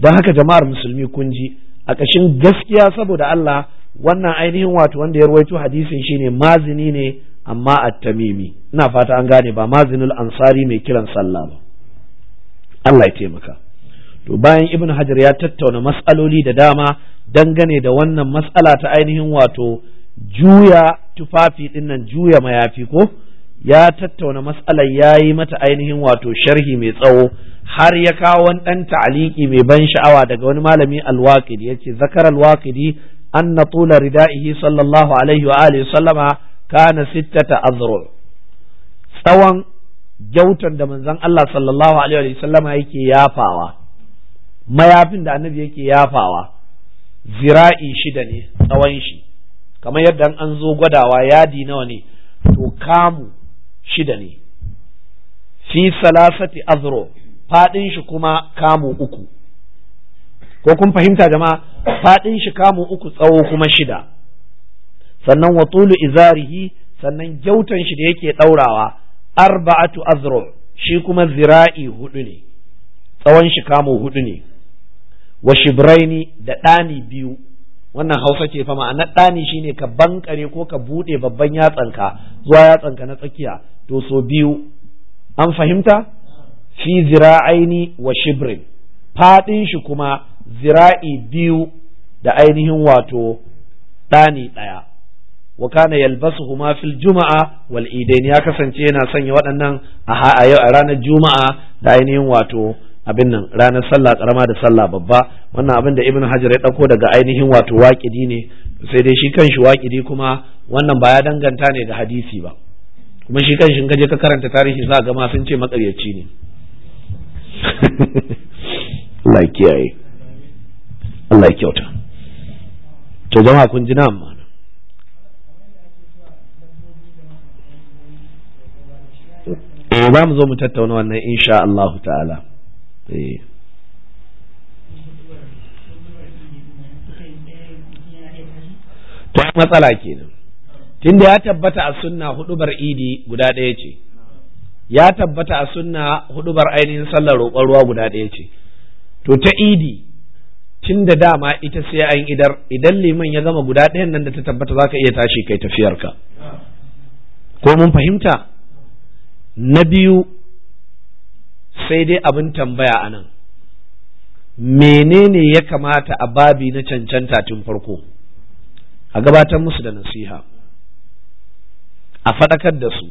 don haka jama'ar musulmi kun ji a ƙashin gaskiya saboda Allah wannan ainihin wato wanda ya ruwaito hadisin shine mazini ne amma at-tamimi ina fata an gane ba mazinul ansari mai kiran sallah ba Allah ya taimaka to bayan ibn hajar ya tattauna matsaloli da dama dangane da wannan matsala ta ainihin wato juya tufafi dinnan juya mayafi ko ya tattauna matsalar ya yi mata ainihin wato sharhi mai tsawo har ya kawo wani ɗan ta'aliki mai ban sha'awa daga wani malami alwaƙidi ya ce zakar alwaƙidi an na tula rida'ihi sallallahu alaihi wa alihi sallama kana sittata azrul tsawon gyautan da manzon Allah sallallahu alaihi wa sallama yake yafawa mayafin da annabi yake yafawa zira'i shida ne tsawon shi kamar yadda an zo gwadawa yadi nawa ne to kamu shida ne fi salasati azro fadin shi kuma kamu uku ko kun fahimta jama'a fadin shi kamu uku tsawo kuma shida sannan wa tulu izarihi sannan gyautan shi da yake daurawa arba'atu azro shi kuma zira'i hudu ne tsawon shi kamu hudu ne wa shibraini da ɗani biyu wannan hausa ce fa ma'anar ɗani shine ka bankare ko ka buɗe babban yatsanka zuwa yatsanka na tsakiya to so biyu an fahimta fi zira'aini wa shibrin faɗin shi kuma zira'i biyu da ainihin wato ɗani ɗaya wa kana yalbasuhuma fil juma'a wal idain ya kasance yana sanya waɗannan a ranar juma'a da ainihin wato abin nan ranar sallah karama da sallah babba wannan abin da ibn hajar ya ɗauko daga ainihin wato waqidi ne sai dai shi kanshi waqidi kuma wannan ba ya danganta ne da hadisi ba kuma shi kanshi in kaje ka karanta tarihi za ga ma sun ce makaryaci ne *laughs* Allah kiyaye Allah kyauta to jama'a kun ji nan eh, za mu zo mu tattauna wannan insha Allah ta'ala eh ta matsala kenan da ya tabbata a sunna hudubar idi guda ɗaya ce ya tabbata a sunna hudubar ainihin sallar roƙon ruwa guda ɗaya ce to ta idi tun da dama ita sai an idar idan liman ya gama guda ɗayan nan da ta tabbata za ka iya tashi kai tafiyarka ko mun fahimta na biyu sai dai abin tambaya a nan menene ya kamata a babi na cancanta tun farko a gabatar musu da nasiha a faɗakar da su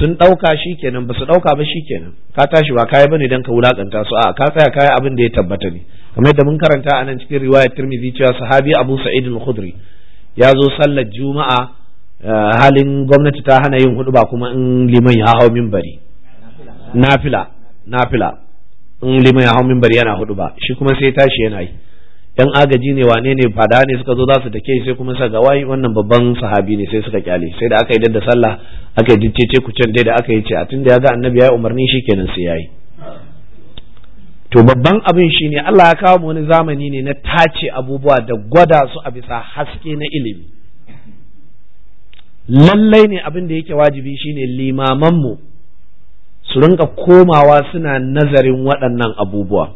sun ɗauka shi kenan ba su ɗauka ba shi kenan ka tashi ba kayi bane don ka wulaƙanta su a ka tsaya kayi abin da ya tabbata ne kamar yadda mun karanta a nan cikin riwayar turmizi cewa sahabi abu sa'id al ya zo sallar juma'a eh, halin gwamnati ta hana yin hudu ba kuma in liman ya hau min bari. nafila nafila in liman ya hau mimbar yana hudu ba shi kuma sai tashi yana yi yan agaji ne wane ne fada ne suka zo za su take sai kuma sa gawayi wannan babban sahabi ne sai suka kyale sai da aka yi da sallah aka yi jiccece ku can dai da aka yi ce a tun da ya ga annabi ya umarni shi kenan sai ya yi. to babban abin shi ne Allah ya kawo mu wani zamani ne na tace abubuwa da gwada su a bisa haske na ilimi lallai ne abin da yake wajibi shine limamanmu su rinka komawa suna nazarin waɗannan abubuwa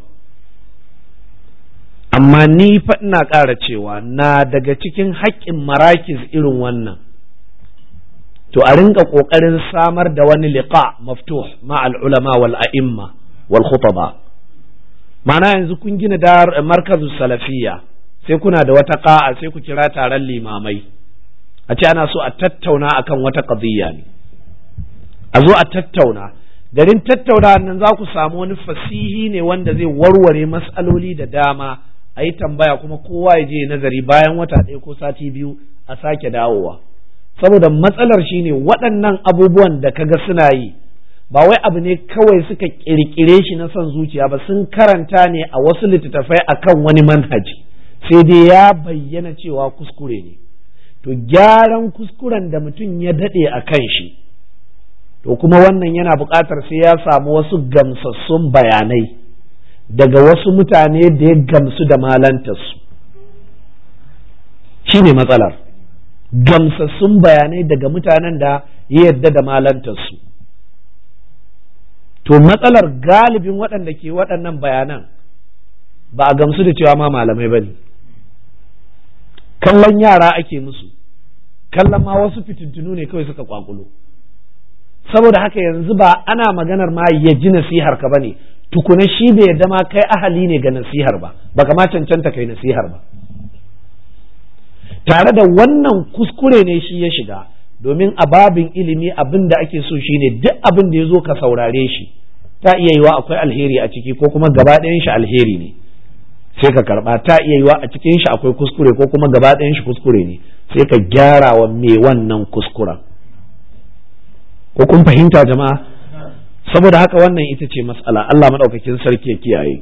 amma ni fa ina ƙara cewa na daga cikin haƙƙin marakis irin wannan to a rinka ƙoƙarin samar da wani liƙa maftuh ma al'ulama wal a'imma wal khutaba ma'ana yanzu kun gina da markazu salafiya sai kuna da wata ƙa'a sai ku kira taron limamai a ce ana so a tattauna akan wata ƙaziyya ne a zo a tattauna garin tattaunawar nan za ku samu wani fasihi ne wanda zai warware matsaloli da dama a yi tambaya kuma kowa ya je nazari bayan wata ɗaya ko sati biyu a sake dawowa saboda matsalar shi ne waɗannan abubuwan da kaga suna yi ba wai abu ne kawai suka ƙirƙire shi na son zuciya ba sun karanta ne a wasu littattafai akan wani manhaji sai dai ya bayyana cewa kuskure ne to gyaran kuskuren da mutum ya daɗe a kan shi to kuma wannan yana buƙatar sai ya samu wasu gamsassun bayanai daga wasu mutane da ya gamsu da malantarsu shi ne matsalar gamsassun bayanai daga mutanen da ya yarda da malantarsu to matsalar galibin waɗanda ke waɗannan bayanan ba a gamsu da cewa ma malamai ba ne kallon yara ake musu kallon ma wasu fitintunu ne kawai suka kwakulo saboda haka yanzu ba ana maganar ma ya ji nasihar ka bane tukuna shi bai yadda ma kai ahali ne ga nasihar ba ba ka ma cancanta kai nasihar ba tare da wannan kuskure ne shi ya shiga domin a babin ilimi abin da ake so shine duk abin da ya zo ka saurare shi ta iya yiwa akwai alheri a ciki ko kuma gaba ɗayan shi alheri ne sai ka karba ta iya yiwa a cikin shi akwai kuskure ko kuma gaba ɗayan shi kuskure ne sai ka gyara wa mai wannan kuskuren ko kun fahimta jama'a saboda haka wannan ita ce mas'ala Allah madaukakin sarki ya kiyaye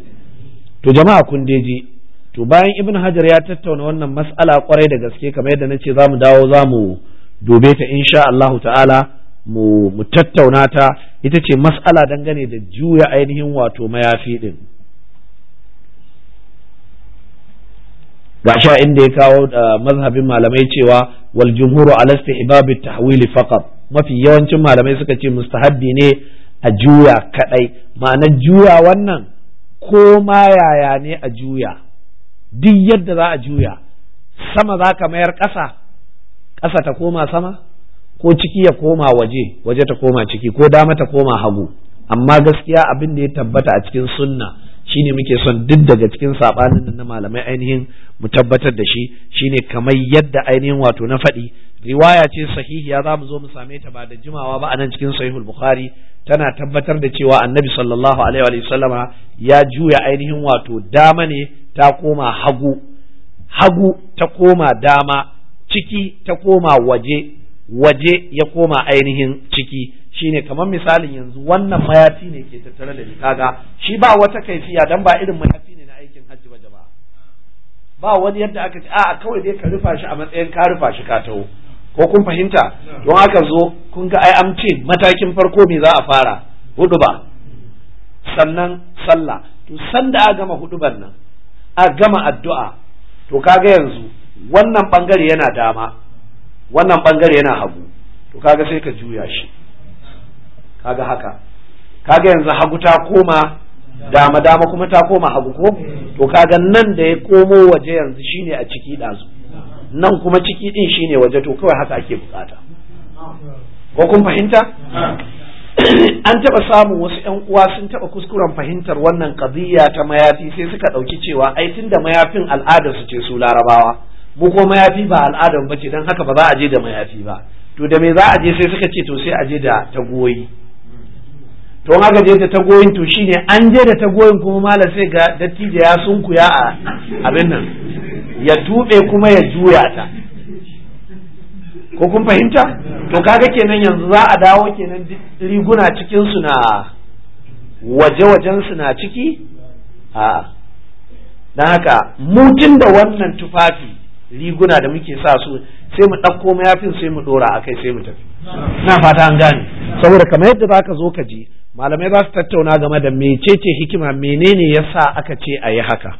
to jama'a kun deji to bayan ibn hajar ya tattauna wannan mas'ala kwarai da gaske kamar yadda nace zamu dawo zamu dobe ta insha Allah ta'ala mu mu tattauna ta ita ce mas'ala dangane da juya ainihin wato mayafi din gashi inda ya kawo uh, mazhabin malamai cewa wal jumhuru ala Tahwili at faqat mafi yawancin malamai suka ce mustahabbi ne a juya kadai ma'ana juya wannan ko ma yaya ne a juya duk yadda za a juya sama za ka mayar ƙasa ƙasa ta koma sama ko ciki ya koma waje waje ta koma ciki ko dama ta koma hagu amma gaskiya abin da ya tabbata a cikin sunna shine muke son duk daga cikin saɓanin na malamai ainihin mu tabbatar da shi shine kamar yadda ainihin wato na faɗi riwaya ce sahihiya za mu zo mu same ta ba da jimawa ba anan cikin sahihul bukhari tana tabbatar da cewa annabi sallallahu alaihi wa sallama ya juya ainihin wato dama ne ta koma hagu hagu ta koma dama ciki ta koma waje waje ya koma ainihin ciki shine kamar misalin yanzu wannan mayafi ne ke tattare da kaga shi ba wata kaifiya dan ba irin mayafi ne na aikin hajji ba jama'a ba wani yadda aka ce a'a kawai dai ka rufa shi a matsayin ka rufa shi ka taho ko kun fahimta don haka zo kun ga ai an ce matakin farko me za a fara hudu ba? sannan sallah to sanda a gama hudu nan a gama addu'a to kaga yanzu wannan bangare yana dama wannan bangare yana hagu to kaga sai ka juya shi kaga haka kaga yanzu hagu ta koma dama dama kuma ta koma hagu ko to kaga nan da ya komo waje yanzu shine a ciki ɗazu nan kuma ciki din shine waje to kawai haka ake bukata ko kun fahimta an taba samun wasu yan uwa sun taba kuskuren fahimtar wannan qadiyya ta mayafi sai suka ɗauki cewa ai tunda mayafin al'adar su ce su larabawa mu ko mayafi ba al'adar ba ce dan haka ba za a je da mayafi ba to da me za a je sai suka ce to sai a je da tagoyi to in aka je da tagoyin to shine an je da tagoyin kuma malam sai ga dattijo ya sunkuya a abin nan ya tuɓe kuma ya juya ta ko kun fahimta to kaga kenan yanzu za a dawo kenan riguna cikin su na waje wajen su na ciki a dan haka mutun da wannan tufafi riguna da muke sa su sai mu ɗauko mayafin sai mu ɗora a kai sai mu tafi na fata an gane saboda kamar yadda za ka zo ka je malamai za su tattauna game da mecece hikima menene yasa aka ce a yi haka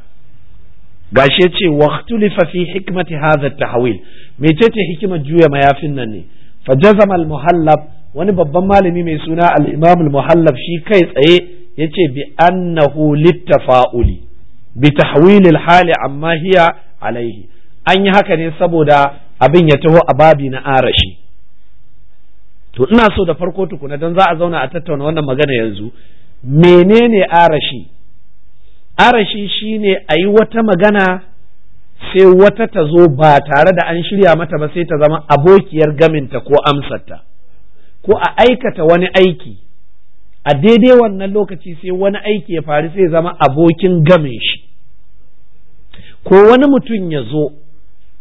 gashi yace waqtulifa fi hikmati hadha tahwil mecece hikimar juya mayafin nan ne fa jazama al-muhallab wani babban malami mai suna al-imam al-muhallab shi kai tsaye yace bi annahu littafa'uli bi tahwil al-hali amma hiya alaihi an yi haka ne saboda abin ya taho a babi na arashi to ina so da farko tukuna don za a zauna a tattauna wannan magana yanzu menene arashi arashi shine a yi wata magana sai wata ta zo ba tare da an shirya mata ba sai ta zama abokiyar gaminta ko amsarta ko a aikata wani aiki a daidai wannan lokaci sai wani aiki ya faru sai zama abokin gamin shi ko wani mutum ya zo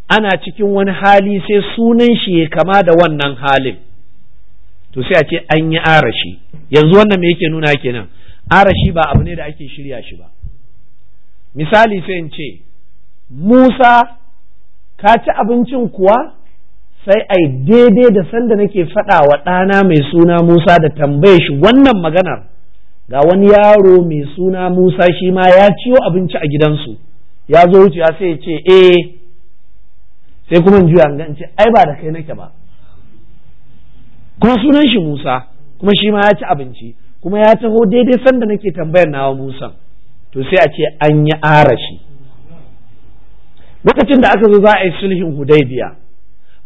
ana cikin wani hali sai sunan shi ya kama da wannan halin to sai a ce an yi arashi yanzu wannan me yake nuna kenan arashi ba abu ne da ake shirya shi ba misali sai in ce musa ka ci abincin kuwa sai ai daidai da sanda nake faɗa wa ɗana mai suna musa da tambaye shi wannan maganar ga wani yaro mai suna musa shi ma ya ciwo abinci a gidansu ya zo ya sai ya ce eh sai kuma in juya in ce ai ba da kai nake ba kuma sunan shi musa kuma shi ma ya ci abinci kuma ya taho daidai sanda nake tambayar nawa musan to sai a ce an yi arashi lokacin da aka zo za a yi sulhin hudaybiya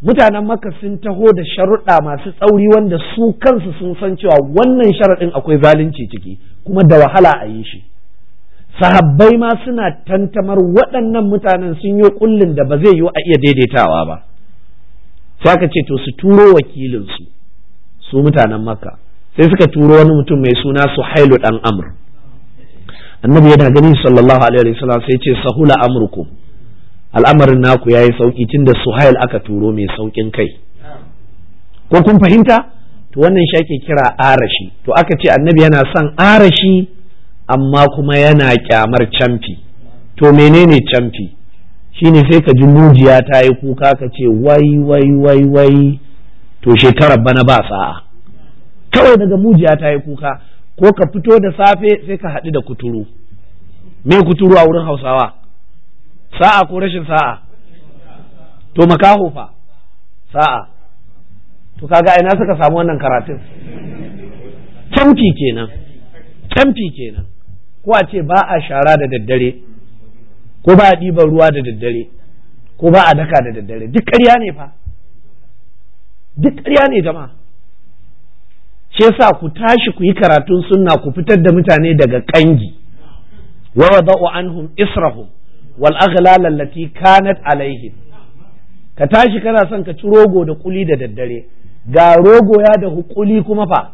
mutanen makka sun taho da sharuɗa masu tsauri wanda su kansu sun san cewa wannan sharaɗin akwai zalunci ciki kuma da wahala a yi shi sahabbai ma suna tantamar waɗannan mutanen sun yi kullin da ba zai yi a iya daidaitawa ba sai aka ce to su turo wakilinsu su mutanen makka sai suka turo wani mutum mai suna suhailu ɗan amr annabi yana gani sallallahu alaihi wasallam sai ce sahula amrukum al'amarin naku yayi sauki tunda suhail aka turo mai saukin kai ko kun fahimta to wannan shi kira arashi to aka ce annabi yana son arashi amma kuma yana kyamar camfi to menene camfi shine sai ka ji mujiya ta yi kuka ka ce wai wai wai wai to shekarar bana ba sa'a kawai daga mujiya ta yi kuka ko ka fito da safe sai ka haɗu da kuturu me kuturu a wurin hausawa sa'a ko rashin sa'a to makaho fa sa'a to kaga ina suka samu wannan karatun camfi kenan camfi kenan ko a ce ba a shara da daddare ko ba a ɗiban ruwa da daddare ko ba a daka da daddare duk ƙarya ne fa duk ƙarya ne jama'a shi yasa ku tashi ku yi karatun sunna ku fitar da mutane daga kangi wa wada'u anhum israhum wal aghlal allati kanat alaihim ka tashi kana son ka ci rogo da kuli da daddare ga rogo ya da hukuli kuma fa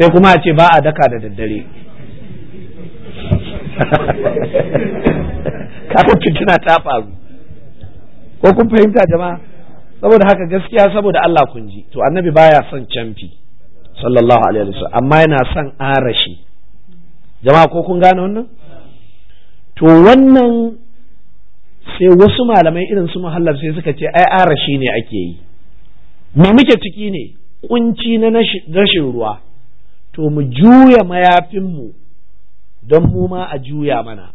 sai kuma a ce ba a daka da daddare *laughs* kafin fitina ta faru ko kun fahimta jama'a saboda haka gaskiya saboda Allah kun ji to annabi baya son canfi sallallahu alaihi wasallam amma yana son arashi jama'a ko kun gane wannan to wannan sai wasu malamai irin su muhallab sai suka ce ai arashi ne ake yi mu muke ciki ne kunci na rashin ruwa to mu juya mu don mu ma a juya mana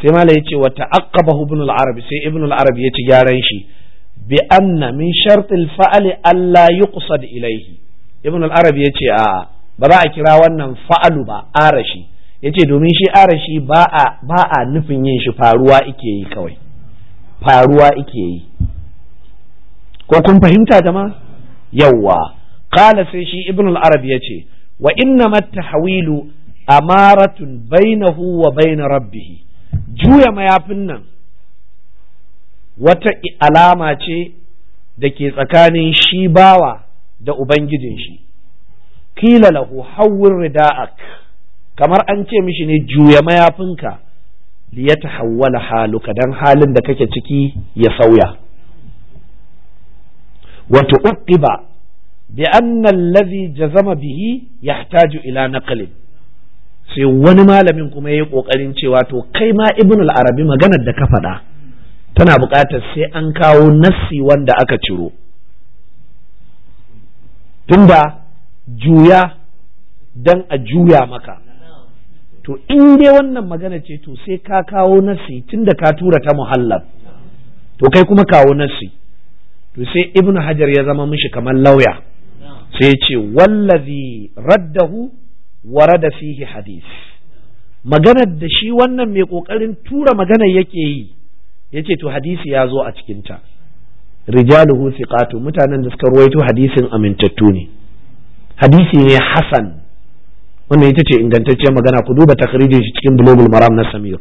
sai malai ya ce wata ta'aqqabahu ibn al sai ibn al ya ci gyaran shi bi anna min shartil fa'ali Allah yuqsad ilaihi ibn al-arab yace a ba za a kira wannan fa'alu ba arashi yace domin shi arashi ba a ba a nufin yin shi faruwa ike yi kawai faruwa ike yi ko kun fahimta jama'a yawwa qala sai shi ibn al-arab yace wa mat tahwilu amaratun bainahu wa bain rabbih juya mayafin nan wata alama ce da ke tsakanin shi bawa da ubangijin shi kila lahu hawwin rida'ak kamar an ce mishi ne juya mayafinka li ya tahawwala haluka dan halin da kake ciki ya sauya wato uqiba bi anna allazi jazama bihi yahtaju ila naqlin sai wani malamin kuma yayi ƙoƙarin cewa to kai ma ibn arabi maganar da ka faɗa tana buƙatar sai an kawo nassi wanda aka ciro tunda juya dan a juya maka to in dai wannan magana ce to sai ka kawo nassi tunda ka tura ta muhallar. to kai kuma kawo nassi to sai ibn hajar ya zama mishi kamar lauya sai ce wallazi raddahu rada fihi hadis maganar da shi wannan mai ƙoƙarin tura magana yake yi yace to hadisi ya zo a cikin ta rijaluhu thiqatu mutanen da suka ruwaito hadisin amintattu ne hadisi ne hasan wannan ita ce ingantacciyar magana ku duba takhrijin shi cikin bulogul maram na samir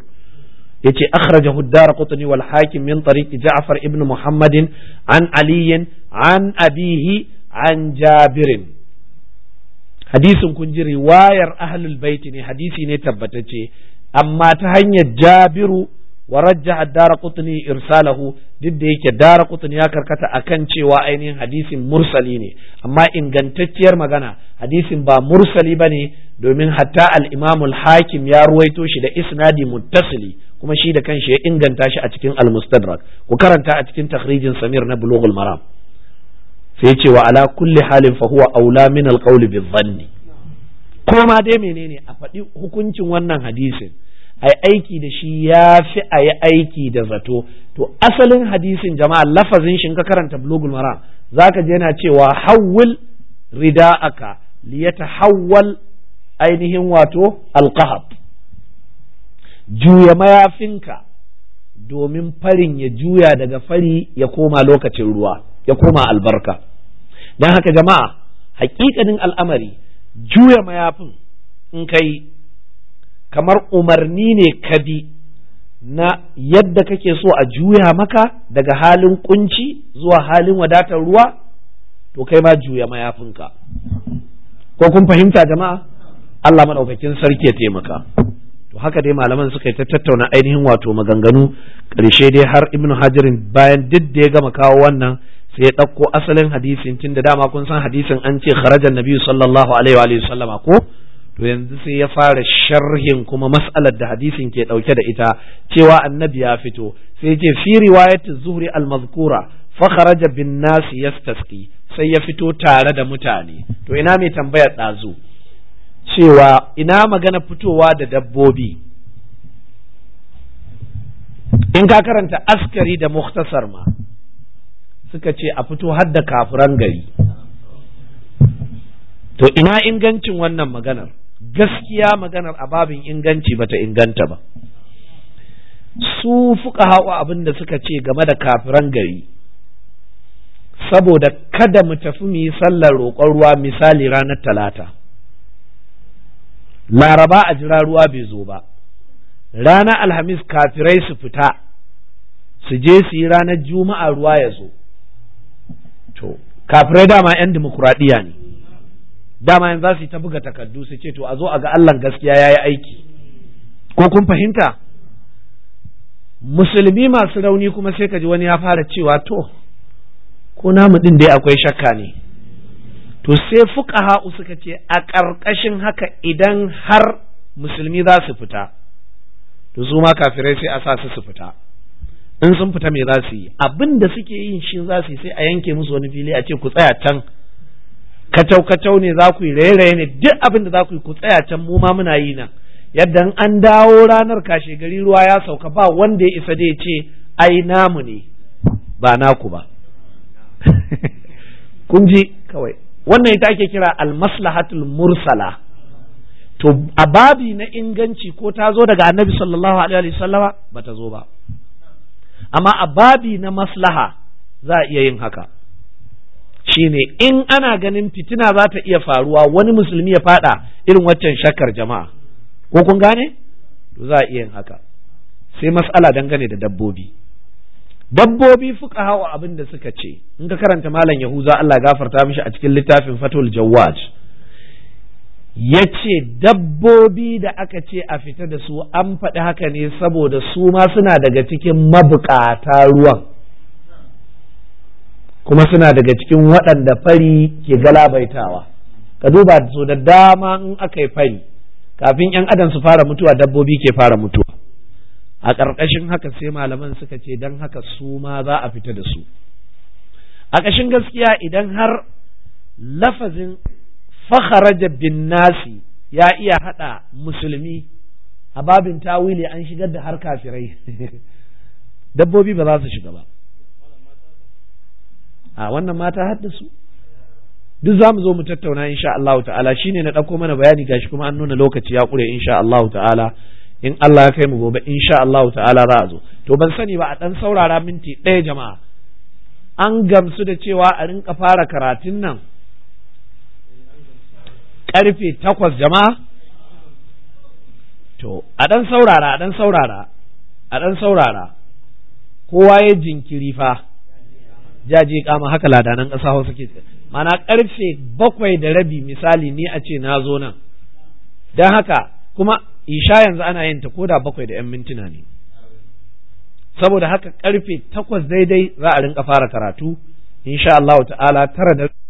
yace akhrajahu ad-darqutni wal hakim min tariq ja'far ibn muhammadin an aliyin an abihi an jabirin hadisin kun ji riwayar ahlul bait ne hadisi ne tabbatacce amma ta hanyar jabiru wa rajjaha dara daraqutni irsalahu duk da yake Dara daraqutni ya karkata akan cewa ainihin hadisin mursali ne amma ingantacciyar magana hadisin ba mursali bane domin hatta al-imam al-hakim ya ruwaito shi da isnadi muttasili kuma shi da kanshi ya inganta shi a cikin al-mustadrak ku karanta a cikin takhrijin samir na bulughul maram sai ce wa ala kulli halin fa huwa aula min al-qawli bi-dhanni ko ma dai menene a faɗi hukuncin wannan hadisin a aiki da shi ya fi a yi aiki da zato to asalin hadisin jama'a lafazin shi ka karanta blogul mara za ka je yana cewa hawwil rida'aka liyata hawwal ainihin wato alkahab juya mayafinka domin farin ya juya daga fari ya koma lokacin ruwa ya koma albarka don haka jama'a hakikanin al'amari juya mayafin in kai kamar umarni ne ka bi na yadda kake so a juya maka daga halin kunci zuwa halin wadatar ruwa to kai ma juya mayafinka ko kun fahimta jama'a Allah maɗaukakin sarki ya taimaka to haka dai malaman suka yi ta tattauna ainihin wato maganganu ƙarshe dai har ibnu hajarin bayan duk da ya gama kawo wannan sai ya ɗauko asalin hadisin tun da dama kun san hadisin an ce kharajan nabi sallallahu alaihi wa sallama ko to yanzu sai ya fara sharhin kuma mas'alar da hadisin ke dauke da ita cewa annabi ya fito sai ce fi riwayati zuhri al-mazkura fa kharaja bin nas yastasqi sai ya fito tare da mutane to ina mai tambayar dazu cewa ina magana fitowa da dabbobi in ka karanta askari da mukhtasar ma suka ce a fito har da kafiran gari to ina ingancin wannan maganar gaskiya maganar ababin inganci bata inganta ba su fuka hawa abin da suka ce game da kafiran gari saboda kada mu tafi mu yi sallar roƙon ruwa misali ranar talata laraba a jira ruwa bai zo ba ranar alhamis kafirai su fita su je su yi ranar juma'a ruwa ya zo to kafirai dama 'yan dimokuraɗiyya ne dama yin za su yi ta buga takardu su ce to a zo a ga Allah gaskiya ya yi aiki ko kun fahimta musulmi masu rauni kuma sai ka ji wani ya fara cewa to ko namu din dai akwai shakka ne to sai fuka ha'u suka ce a ƙarƙashin haka idan har musulmi za su fita to su ma kafirai sai a sa su su fita in sun fita me za su yi abin da suke yin shi za su yi sai a yanke musu wani fili a ce ku tsaya can kacau kacau ne za ku yi raye-raye ne duk abin da za ku yi ku tsaya can mu ma muna yi nan yadda an dawo ranar kashe gari ruwa ya sauka ba wanda ya isa dai ce ai namu ne ba naku ba *laughs* kun ji kawai wannan ita ake kira almaslahatul mursala to a babi na inganci ko ta zo daga annabi sallallahu alaihi wasallama ba ta zo ba amma a babi na maslaha za a iya yin haka shine in ana ganin fitina za ta iya faruwa wani musulmi ya fada irin waccan shakkar jama'a ko kun gane za a iya yin haka sai mas'ala dangane da dabbobi dabbobi fuka hawa abin da suka ce in ka karanta malam yahuza Allah gafarta mishi a cikin littafin fatul jawwaj ya ce dabbobi da aka ce a fita da su an faɗi haka ne saboda su ma suna daga cikin mabukata ruwan kuma suna daga cikin waɗanda fari ke galabaitawa ka duba so da dama in aka yi fari kafin 'yan adam su fara mutuwa dabbobi ke fara mutuwa a ƙarƙashin haka sai malaman suka ce don haka su ma za a fita da su a ƙashin gaskiya idan har lafazin fakharaja bin nasi ya iya haɗa musulmi a babin tawili an shigar da har kafirai *laughs* dabbobi ba za su shiga ba a wannan mata haddasu duk za mu zo mu tattauna insha Allah ta'ala shine na ɗauko mana bayani gashi kuma an nuna lokaci ya ƙure insha Allah ta'ala in Allah ya kai mu gobe insha Allah ta'ala za a zo to ban sani ba a ɗan saurara minti ɗaya jama'a an gamsu da cewa a rinka fara karatun nan Karfe takwas jama'a to a ɗan saurara a ɗan saurara a ɗan saurara kowa ya jinkiri fa jaji kama haka ladanan ƙasa hausa ke mana karfe bakwai da rabi misali ni a ce na zo nan don haka kuma isha yanzu ana yin ta ko da bakwai da yan mintuna ne saboda haka karfe takwas daidai za a rinka fara karatu insha Allah ta'ala tara da